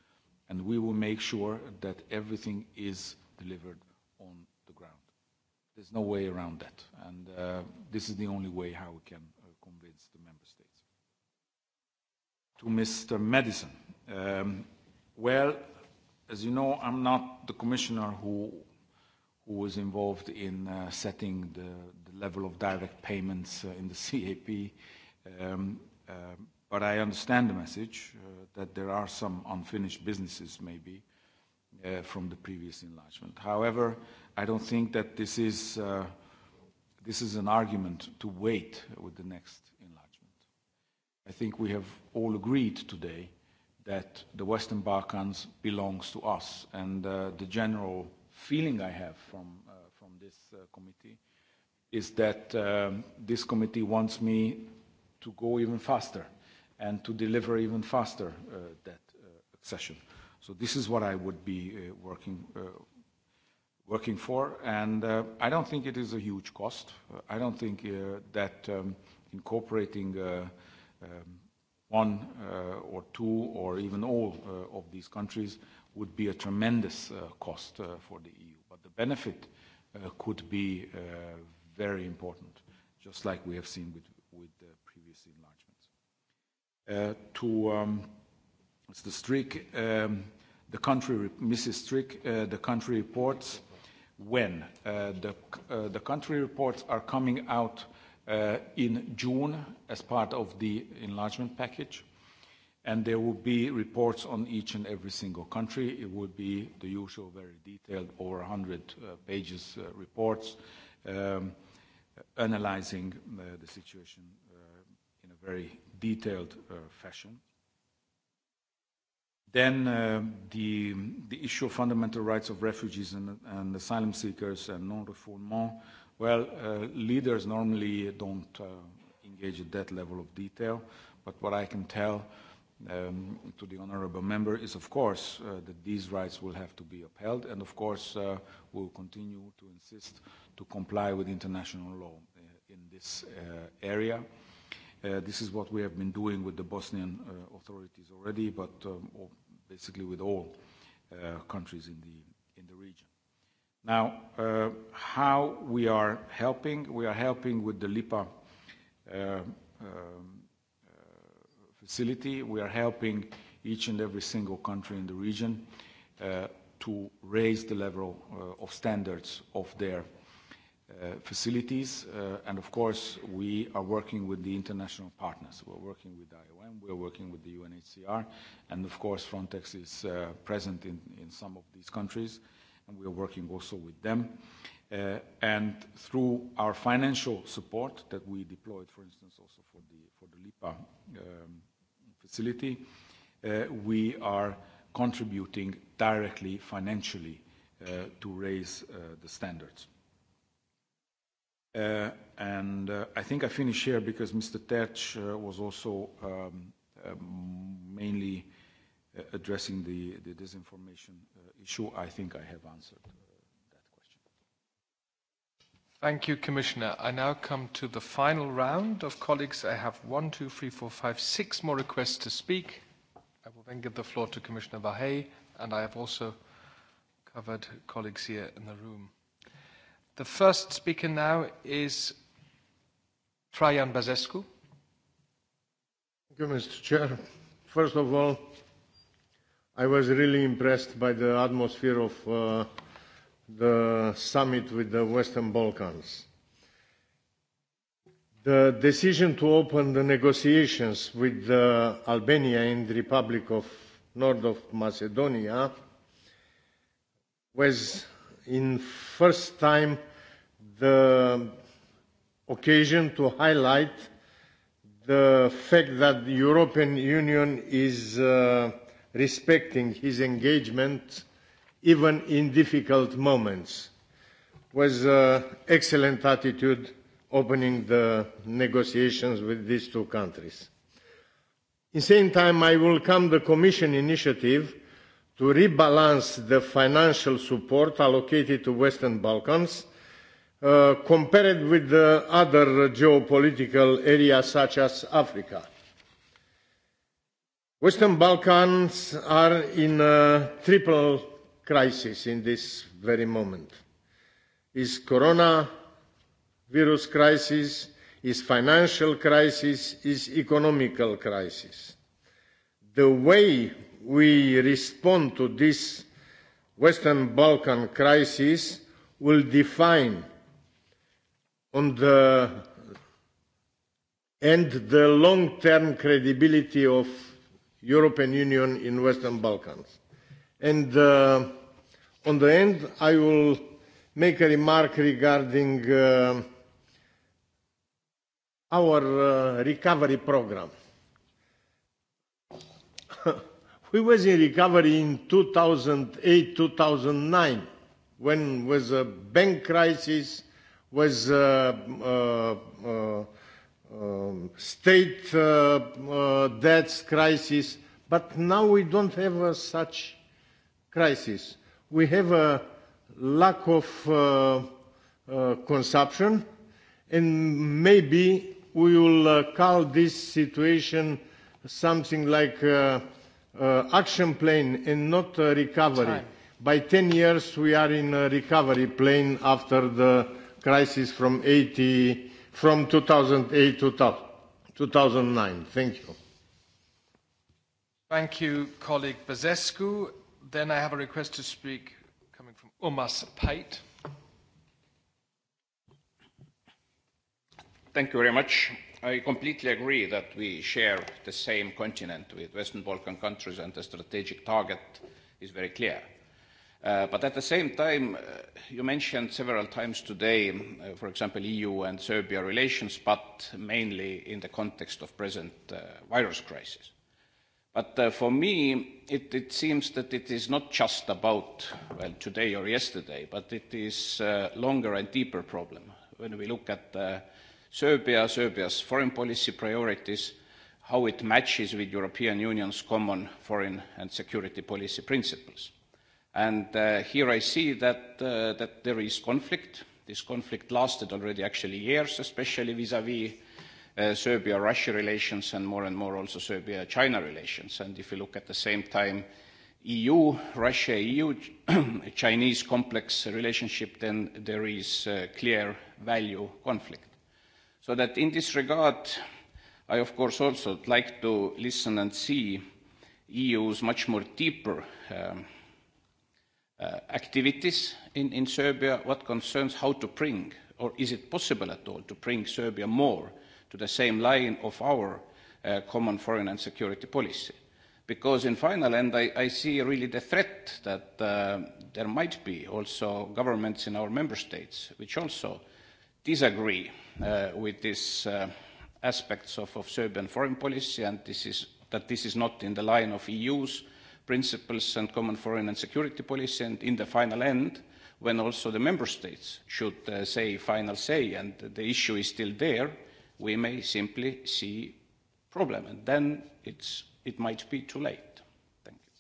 and we will make sure that everything is delivered on the ground. There's no way around that, and uh, this is the only way how we can uh, convince the member states. To Mr. Madison, um, well, as you know, I'm not the commissioner who who was involved in uh, setting the, the level of direct payments uh, in the CAP. Um, uh, But I understand the message uh, that there are some unfinished businesses, maybe, uh, from the previous enlargement. However, I don't think that this is, uh, this is an argument to wait with the next enlargement. I think we have all agreed today that the Western Balkans belongs to us. And uh, the general feeling I have from, uh, from this uh, committee is that um, this committee wants me to go even faster and to deliver even faster uh, that accession. Uh, so this is what I would be uh, working working for, and uh, I don't think it is a huge cost. Uh, I don't think uh, that um, incorporating um, one or two or even all of these countries would be a tremendous cost for the EU. But the benefit could be very important, just like we have seen with, with the previous enlargement. Uh, to um, the Strick, um, the country, Mrs. Strick, uh, the country reports when uh, the, uh, the country reports are coming out uh, in June as part of the enlargement package. And there will be reports on each and every single country. It will be the usual, very detailed, over 100 uh, pages uh, reports um, analyzing uh, the situation uh, in a very detailed uh, fashion. Then uh, the, the issue of fundamental rights of refugees and, and asylum seekers and non-refoulement, well, uh, leaders normally don't uh, engage at that level of detail, but what I can tell um, to the honorable member is, of course, uh, that these rights will have to be upheld, and of course, uh, we'll continue to insist to comply with international law uh, in this uh, area. Uh, this is what we have been doing with the Bosnian uh, authorities already, but um, basically with all uh, countries in the, in the region. Now, uh, how we are helping? We are helping with the LIPA uh, um, uh, facility. We are helping each and every single country in the region uh, to raise the level uh, of standards of their Uh, facilities. Uh, and of course, we are working with the international partners. We're working with IOM, we're working with the UNHCR, and of course, Frontex is uh, present in, some of these countries, and we are working also with them. and through our financial support that we deployed, for instance, also for the, LIPA um, facility, we are contributing directly financially to raise the standards. Uh, and uh, I think I finish here because Mr. Terch uh, was also um, um, mainly uh, addressing the, the disinformation uh, issue. I think I have answered uh, that question. Thank you, Commissioner. I now come to the final round of colleagues. I have one, two, three, four, five, six more requests to speak. I will then give the floor to Commissioner Vahey, and I have also covered colleagues here in the room. The first speaker now is Traian Bazescu. Thank you, Mr. Chair. First of all, I was really impressed by the atmosphere of uh, the summit with the Western Balkans. The decision to open the negotiations with uh, Albania and the Republic of North of Macedonia was in first time the occasion to highlight the fact that the European Union is uh, respecting his engagement even in difficult moments was an uh, excellent attitude opening the negotiations with these two countries. In the same time, I welcome the Commission initiative to rebalance the financial support allocated to Western Balkans – Uh, compared with the other geopolitical areas such as Africa. Western Balkans are in a triple crisis in this very moment. Is corona virus crisis, is financial crisis, is economical crisis. The way we respond to this Western Balkan crisis will define on the and the long-term credibility of European Union in Western Balkans. And uh, on the end, I will make a remark regarding uh, our uh, recovery program. we was in recovery in 2008-2009 when was a bank crisis was uh, uh, uh, um, state debts crisis, but now we don't have such crisis. We have a lack of consumption, and maybe we will uh, call this situation something like uh, uh, action plane and not uh, recovery. Time. By 10 years, we are in a recovery plane after the crisis from 80, from 2008 to 2009. Thank you. Thank you, colleague Bazescu. Then I have a request to speak coming from Umas Pait. Thank you very much. I completely agree that we share the same continent with Western Balkan countries and the strategic target is very clear Uh, but at the same time, uh, you mentioned several times today, uh, for example, EU and Serbia relations, but mainly in the context of present uh, virus crisis. But uh, for me, it, it seems that it is not just about well, today or yesterday, but it is a uh, longer and deeper problem. When we look at uh, Serbia, Serbia's foreign policy priorities, how it matches with European Union's common foreign and security policy principles. And uh, here I see that, uh, that there is conflict. This conflict lasted already actually years, especially vis-à-vis -vis, uh, Serbia-Russia relations and more and more also Serbia-China relations. And if you look at the same time, EU, Russia-EU, Chinese complex relationship, then there is a uh, clear value conflict. So that in this regard, I of course also would like to listen and see EU's much more deeper um, Uh, activities in, Serbia, what concerns how to bring, or is it possible at all to bring Serbia more to the same line of our uh, common foreign and security policy? Because in final end, I, see really the threat that uh, there might be also governments in our member states which also disagree with these aspects of, Serbian foreign policy and this is, that this is not in the line of EU's principles and common foreign and security policy, and in the final end, when also the member states should uh, say final say and the issue is still there, we may simply see problem, and then it's, it might be too late. Thank you.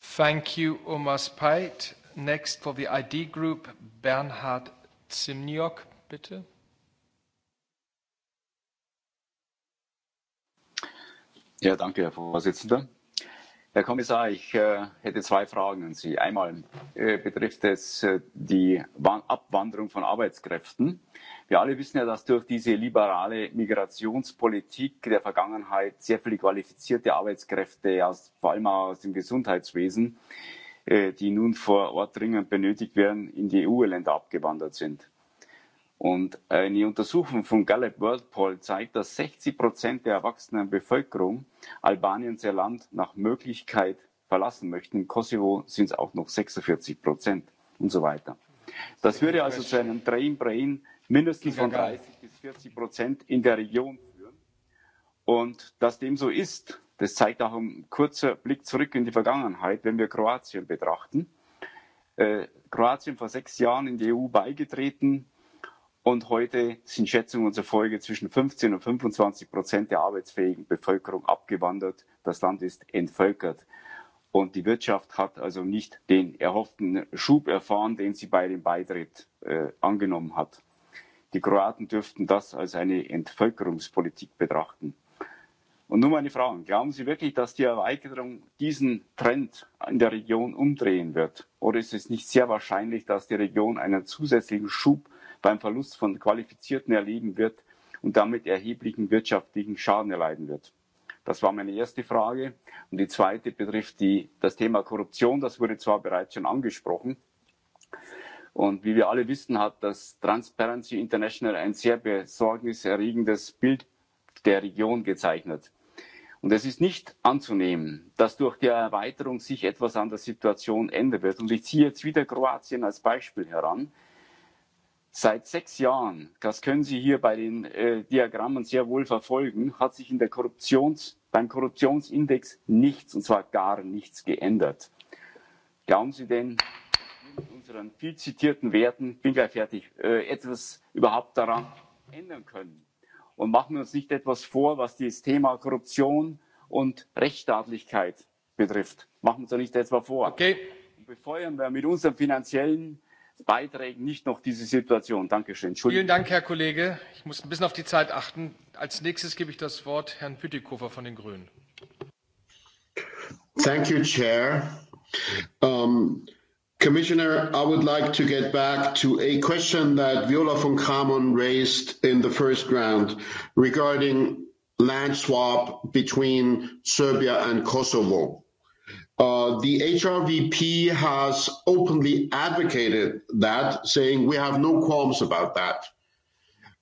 Thank you, Omas Peit. Next for the ID group, Bernhard Zimniok, bitte. Ja, danke, Herr Vorsitzender. Herr Kommissar, ich äh, hätte zwei Fragen an Sie. Einmal äh, betrifft es äh, die Abwanderung von Arbeitskräften. Wir alle wissen ja, dass durch diese liberale Migrationspolitik der Vergangenheit sehr viele qualifizierte Arbeitskräfte, aus, vor allem aus dem Gesundheitswesen, die nun vor Ort dringend benötigt werden, in die EU-Länder abgewandert sind. Und eine äh, Untersuchung von Gallup World Poll zeigt, dass 60 Prozent der erwachsenen Bevölkerung Albaniens ihr Land nach Möglichkeit verlassen möchten. In Kosovo sind es auch noch 46 Prozent und so weiter. Das würde also zu einem Drain-Brain mindestens von 30 bis 40 Prozent in der Region führen. Und dass dem so ist, das zeigt auch ein kurzer Blick zurück in die Vergangenheit, wenn wir Kroatien betrachten. Äh, Kroatien vor sechs Jahren in die EU beigetreten, Und heute sind Schätzungen zufolge zwischen 15 und 25 Prozent der arbeitsfähigen Bevölkerung abgewandert. Das Land ist entvölkert. Und die Wirtschaft hat also nicht den erhofften Schub erfahren, den sie bei dem Beitritt äh, angenommen hat. Die Kroaten dürften das als eine Entvölkerungspolitik betrachten. Und nun meine Fragen. Glauben Sie wirklich, dass die Erweiterung diesen Trend in der Region umdrehen wird? Oder ist es nicht sehr wahrscheinlich, dass die Region einen zusätzlichen Schub beim Verlust von Qualifizierten erleben wird und damit erheblichen wirtschaftlichen Schaden erleiden wird. Das war meine erste Frage. Und die zweite betrifft die, das Thema Korruption. Das wurde zwar bereits schon angesprochen. Und wie wir alle wissen, hat das Transparency International ein sehr besorgniserregendes Bild der Region gezeichnet. Und es ist nicht anzunehmen, dass durch die Erweiterung sich etwas an der Situation ändern wird. Und ich ziehe jetzt wieder Kroatien als Beispiel heran seit sechs jahren das können sie hier bei den äh, diagrammen sehr wohl verfolgen hat sich in der Korruptions, beim korruptionsindex nichts und zwar gar nichts geändert. glauben sie denn mit unseren viel zitierten werten ich bin gleich fertig äh, etwas überhaupt daran ändern können? und machen wir uns nicht etwas vor was das thema korruption und rechtsstaatlichkeit betrifft. machen wir uns doch nicht etwas vor. Okay. Und befeuern wir mit unserem finanziellen Beiträgen nicht noch diese Situation. Dankeschön. Entschuldigung. Vielen Dank, Herr Kollege. Ich muss ein bisschen auf die Zeit achten. Als nächstes gebe ich das Wort Herrn Pütikofer von den Grünen. Thank you, Chair. Um, Commissioner, I would like to get back to a question that Viola von Kramon raised in the first round regarding land swap between Serbia and Kosovo. Uh, the HRVP has openly advocated that, saying we have no qualms about that.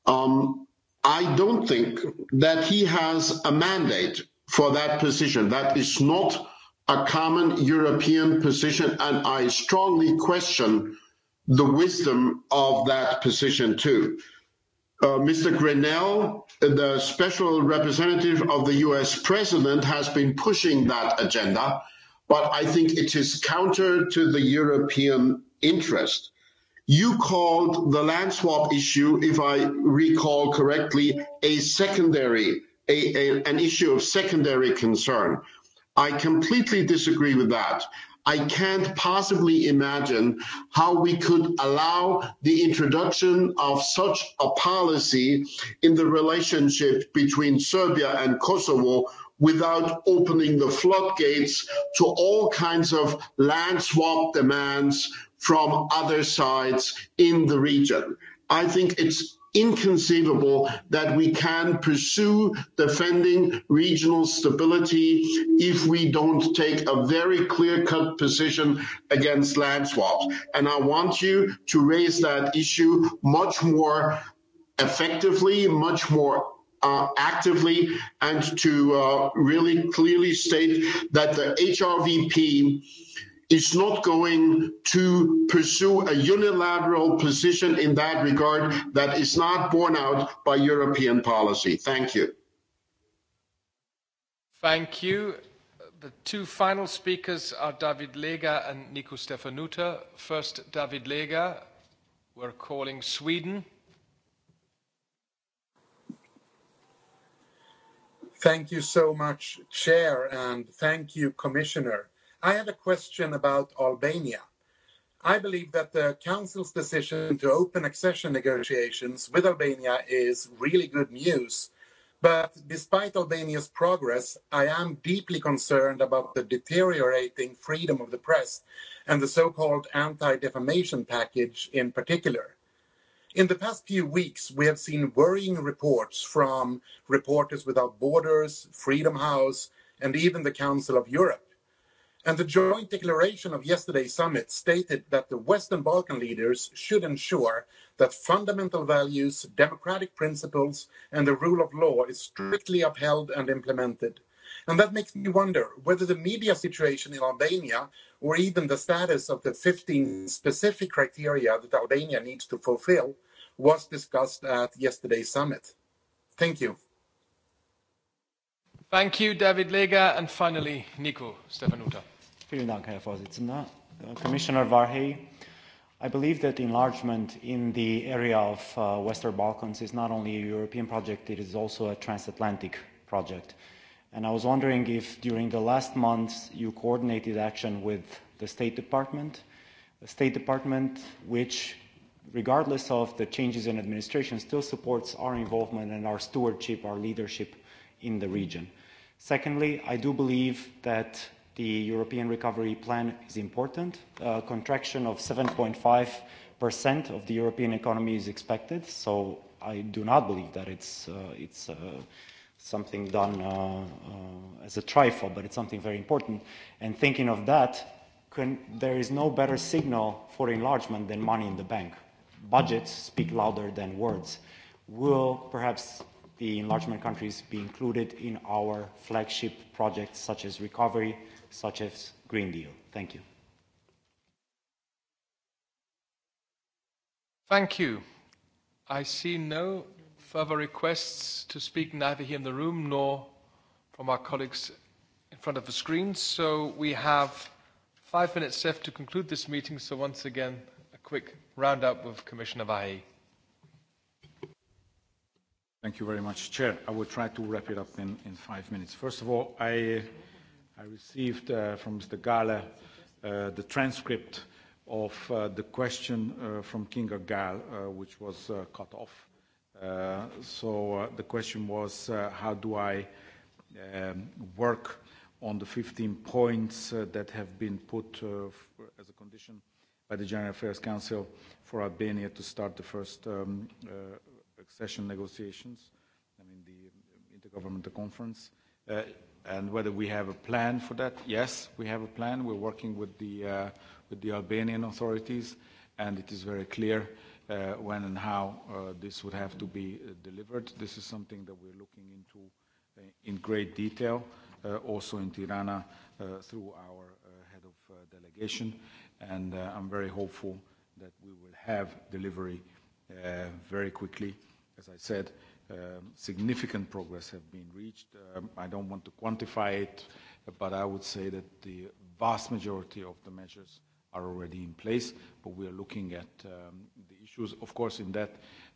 Um, I don't think that he has a mandate for that position. That is not a common European position, and I strongly question the wisdom of that position too. Uh, Mr. Grinnell, the special representative of the US president, has been pushing that agenda but I think it is counter to the European interest. You called the land swap issue, if I recall correctly, a secondary, a, a, an issue of secondary concern. I completely disagree with that. I can't possibly imagine how we could allow the introduction of such a policy in the relationship between Serbia and Kosovo without opening the floodgates to all kinds of land swap demands from other sides in the region. I think it's inconceivable that we can pursue defending regional stability if we don't take a very clear-cut position against land swaps. And I want you to raise that issue much more effectively, much more uh, actively and to uh, really clearly state that the HRVP is not going to pursue a unilateral position in that regard that is not borne out by European policy. Thank you. Thank you. The two final speakers are David Lega and Nico Stefanuta. First, David Lega. We're calling Sweden. Thank you so much, Chair, and thank you, Commissioner. I have a question about Albania. I believe that the Council's decision to open accession negotiations with Albania is really good news. But despite Albania's progress, I am deeply concerned about the deteriorating freedom of the press and the so-called anti-defamation package in particular. In the past few weeks, we have seen worrying reports from Reporters Without Borders, Freedom House, and even the Council of Europe. And the joint declaration of yesterday's summit stated that the Western Balkan leaders should ensure that fundamental values, democratic principles, and the rule of law is strictly upheld and implemented. And that makes me wonder whether the media situation in Albania, or even the status of the 15 specific criteria that Albania needs to fulfill, was discussed at yesterday's summit. Thank you. Thank you, David Lega. And finally, Nico Stefanuta. Vielen Dank, Herr Vorsitzender. Uh, Commissioner Varhey, I believe that enlargement in the area of uh, Western Balkans is not only a European project, it is also a transatlantic project. And I was wondering if during the last months you coordinated action with the State Department, a State Department which, regardless of the changes in administration, still supports our involvement and our stewardship, our leadership in the region. Secondly, I do believe that the European Recovery Plan is important. A contraction of 7.5% of the European economy is expected, so I do not believe that it's, uh, it's uh, something done uh, uh, as a trifle, but it's something very important. And thinking of that, can, there is no better signal for enlargement than money in the bank. Budgets speak louder than words. Will perhaps the enlargement countries be included in our flagship projects such as recovery, such as Green Deal? Thank you. Thank you. I see no further requests to speak neither here in the room nor from our colleagues in front of the screen. So we have five minutes left to conclude this meeting. So once again, a quick roundup with Commissioner Vahey. Thank you very much, Chair. I will try to wrap it up in, in five minutes. First of all, I, I received uh, from Mr. Gala uh, the transcript of uh, the question uh, from Kinga Gal, uh, which was uh, cut off. Uh, so uh, the question was, uh, how do I um, work on the 15 points uh, that have been put uh, as a condition by the General Affairs Council for Albania to start the first um, uh, accession negotiations, I mean the um, intergovernmental conference, uh, and whether we have a plan for that. Yes, we have a plan. We're working with the, uh, with the Albanian authorities, and it is very clear Uh, when and how uh, this would have to be uh, delivered. This is something that we're looking into in great detail, also in Tirana, through our head of delegation. And I'm very hopeful that we will have delivery very quickly. As I said, um, significant progress have been reached. Um, I don't want to quantify it, but I would say that the vast majority of the measures are already in place, but we are looking at um, the issues. Of course, in that,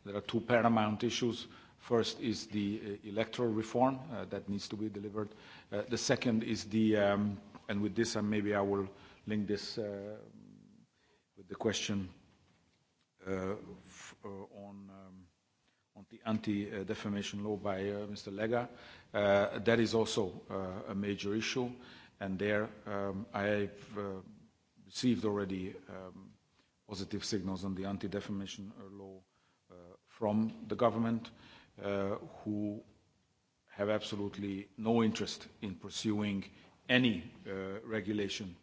there are two paramount issues. First is the uh, electoral reform uh, that needs to be delivered. Uh, the second is the, um, and with this, and uh, maybe I will link this uh, with the question uh, on, um, on the anti-defamation law by Mr. Lega. that is also a major issue, and there um, I've received already um, positive signals on the anti-defamation uh, law uh, from the government, uh, who have absolutely no interest in pursuing any uh, regulation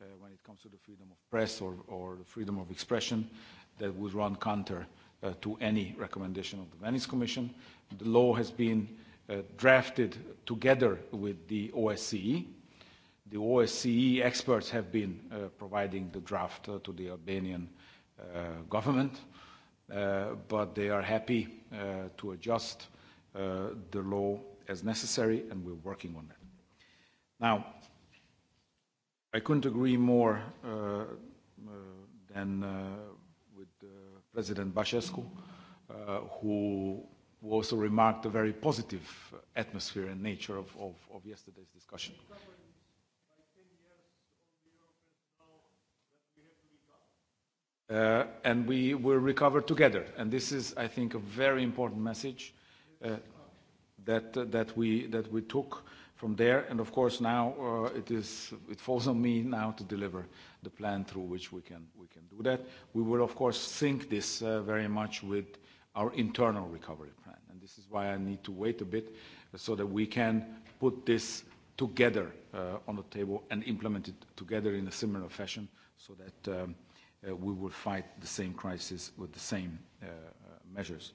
uh, when it comes to the freedom of press or, or the freedom of expression that would run counter uh, to any recommendation of the Venice Commission. The law has been uh, drafted together with the OSCE, the OSCE experts have been uh, providing the draft uh, to the Albanian uh, government, uh, but they are happy uh, to adjust uh, the law as necessary, and we're working on that. Now, I couldn't agree more uh, uh, than uh, with uh, President Bashescu, uh, who also remarked the very positive atmosphere and nature of, of, of yesterday's discussion. uh, and we will recover together. And this is, I think, a very important message uh, that uh, that we that we took from there. And of course, now uh, it is it falls on me now to deliver the plan through which we can we can do that. We will of course sync this uh, very much with our internal recovery plan, and this is why I need to wait a bit so that we can put this together uh, on the table and implement it together in a similar fashion so that. Um, uh, we will fight the same crisis with the same uh, uh, measures.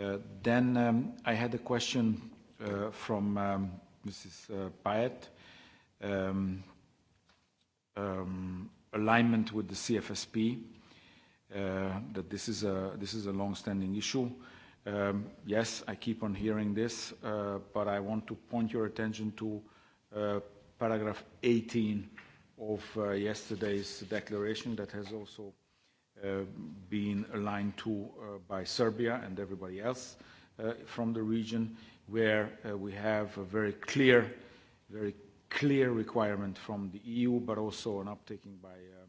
Uh, then um, I had a question uh, from um, Mrs. Uh, Payet, um, um, alignment with the CFSP, uh, that this is a, this is a long-standing issue. Um, yes, I keep on hearing this, uh, but I want to point your attention to uh, paragraph 18 of uh, yesterday's declaration that has also uh, been aligned to uh, by Serbia and everybody else uh, from the region, where uh, we have a very clear, very clear requirement from the EU, but also an uptaking by, uh,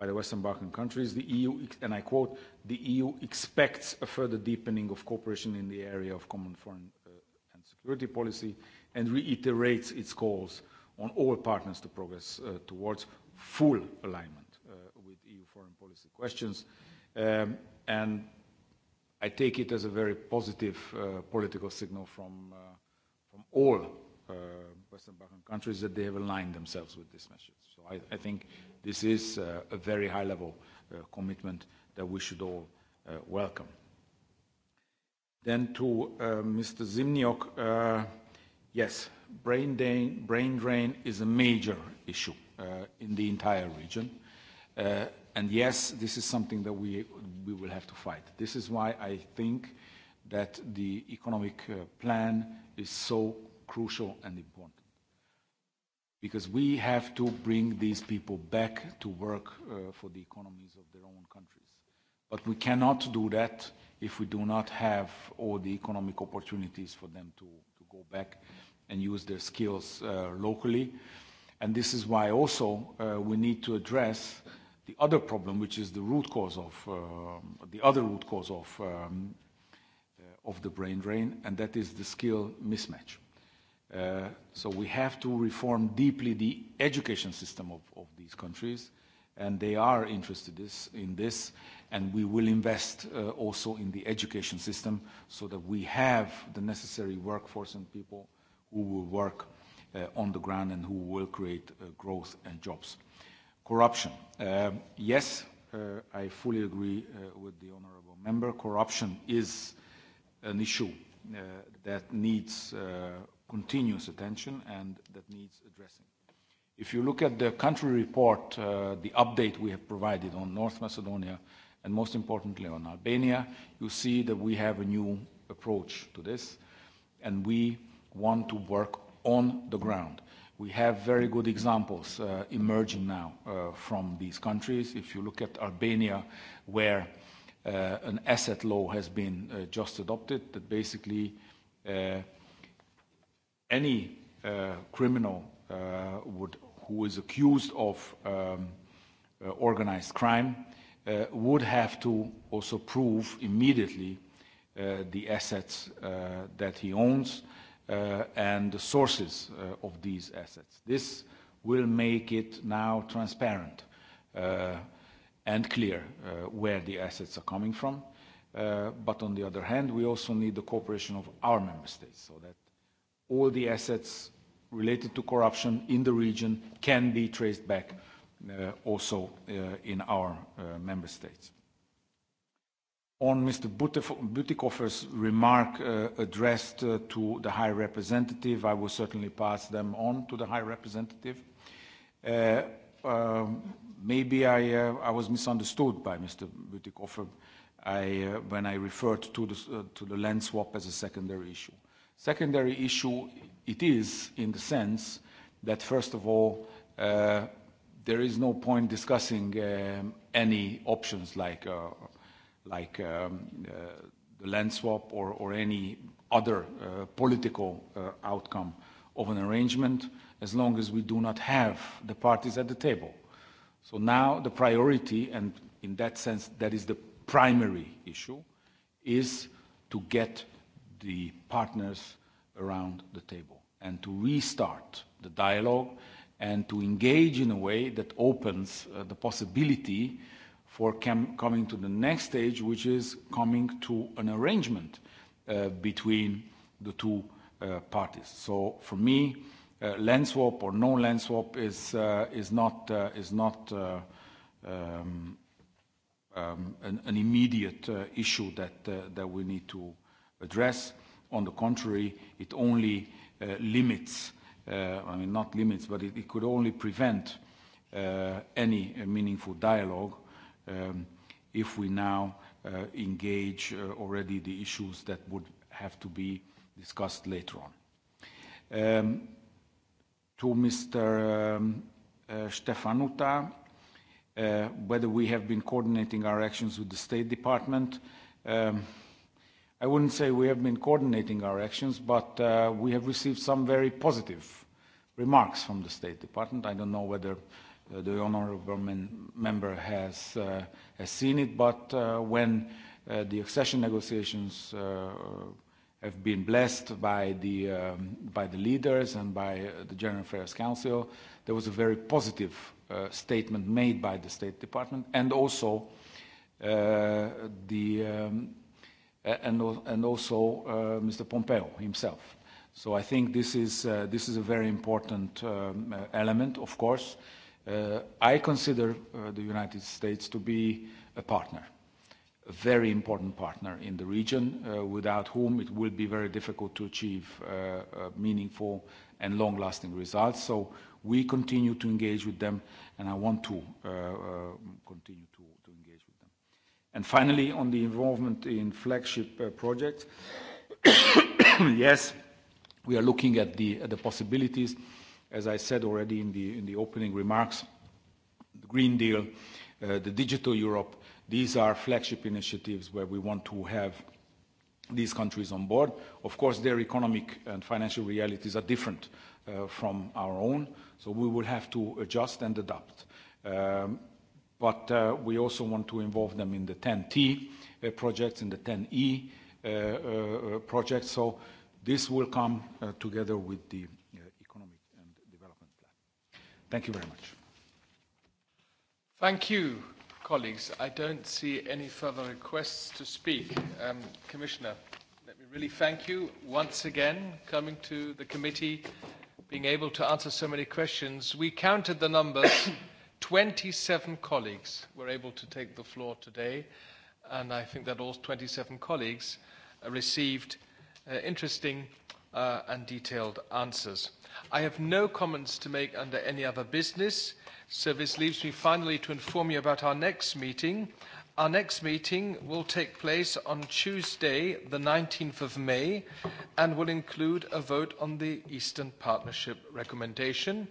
by the Western Balkan countries. The EU, and I quote, the EU expects a further deepening of cooperation in the area of common foreign uh, and security policy and reiterates its calls on all partners to progress uh, towards full alignment uh, with EU foreign policy questions. Um, and I take it as a very positive uh, political signal from, uh, from all uh, Western Balkan countries that they have aligned themselves with this message. So I, I think this is uh, a very high-level uh, commitment that we should all uh, welcome. Then to uh, Mr. Zimniok, uh, Yes, brain drain, brain drain is a major issue uh, in the entire region. Uh, and yes, this is something that we, we will have to fight. This is why I think that the economic uh, plan is so crucial and important. Because we have to bring these people back to work uh, for the economies of their own countries. But we cannot do that if we do not have all the economic opportunities for them to go back and use their skills uh, locally. And this is why also uh, we need to address the other problem, which is the root cause of uh, the other root cause of um, uh, of the brain drain, and that is the skill mismatch. Uh, so we have to reform deeply the education system of, of these countries, and they are interested this, in this and we will invest uh, also in the education system so that we have the necessary workforce and people who will work uh, on the ground and who will create uh, growth and jobs. Corruption. Uh, yes, uh, I fully agree uh, with the honourable member. Corruption is an issue uh, that needs uh, continuous attention and that needs addressing. If you look at the country report, uh, the update we have provided on North Macedonia, uh, and most importantly on Albania, you see that we have a new approach to this, and we want to work on the ground. We have very good examples uh, emerging now uh, from these countries. If you look at Albania, where uh, an asset law has been uh, just adopted that basically uh, any uh, criminal uh, would, who is accused of um, uh, organized crime Uh, would have to also prove immediately uh, the assets uh, that he owns uh, and the sources uh, of these assets. This will make it now transparent uh, and clear uh, where the assets are coming from. Uh, but on the other hand, we also need the cooperation of our member states so that all the assets related to corruption in the region can be traced back Uh, also uh, in our uh, member states. On Mr. Butikofer's remark addressed to the High Representative, I will certainly pass them on to the High Representative. Um, maybe I, was misunderstood by Mr. Butikofer when I referred to the land swap as a secondary issue. Secondary issue it is in the sense that, first of all, there is no point discussing um, any options like uh, like um, uh, the land swap or, or any other uh, political uh, outcome of an arrangement as long as we do not have the parties at the table. So now the priority, and in that sense that is the primary issue, is to get the partners around the table and to restart the dialogue and to engage in a way that opens uh, the possibility for coming to the next stage, which is coming to an arrangement uh, between the two uh, parties. So for me, uh, land swap or no land swap is, uh, is not, uh, is not uh, um, um, an, an immediate uh, issue that, uh, that we need to address. On the contrary, it only uh, limits Uh, I mean, not limits, but it, it could only prevent uh, any meaningful dialogue um, if we now uh, engage already the issues that would have to be discussed later on. Um, to Mr. Um, Stefanuta, whether we have been coordinating our actions with the State Department, um, I wouldn't say we have been coordinating our actions, but uh, we have received some very positive remarks from the State Department. I don't know whether uh, the honorable member uh, has, seen it, but when the accession negotiations have been blessed by the, um, leaders and by the General Affairs Council, there was a very positive statement made by the State Department and also the um, and, also uh, Mr. Pompeo himself. So I think this is, uh, this is a very important um, uh, element, of course. I consider the United States to be a partner a very important partner in the region, uh, without whom it will be very difficult to achieve uh, uh, meaningful and long-lasting results. So we continue to engage with them, and I want to continue And finally, on the involvement in flagship uh, projects, yes, we are looking at the, at the possibilities. As I said already in the, in the opening remarks, the Green Deal, uh, the Digital Europe, these are flagship initiatives where we want to have these countries on board. Of course, their economic and financial realities are different uh, from our own, so we will have to adjust and adapt. Um, but uh, we also want to involve them in the 10T uh, projects, in the 10E uh, projects. So this will come together with the economic and development plan. Thank you very much. Thank you, colleagues. I don't see any further requests to speak. Um, Commissioner, let me really thank you once again coming to the committee, being able to answer so many questions. We counted the numbers. 27 colleagues were able to take the floor today, and I think that all 27 colleagues uh, received uh, interesting uh, and detailed answers. I have no comments to make under any other business, so this leaves me finally to inform you about our next meeting. Our next meeting will take place on Tuesday, the 19th of May, and will include a vote on the Eastern Partnership recommendation.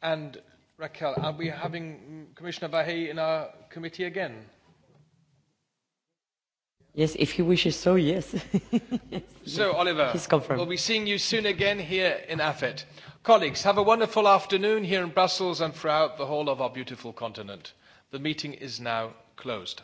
And Raquel, are we having Commissioner Vahey in our committee again? Yes, if he wishes so, yes. so, Oliver, He's confirmed. we'll be seeing you soon again here in AFET. Colleagues, have a wonderful afternoon here in Brussels and throughout the whole of our beautiful continent. The meeting is now closed.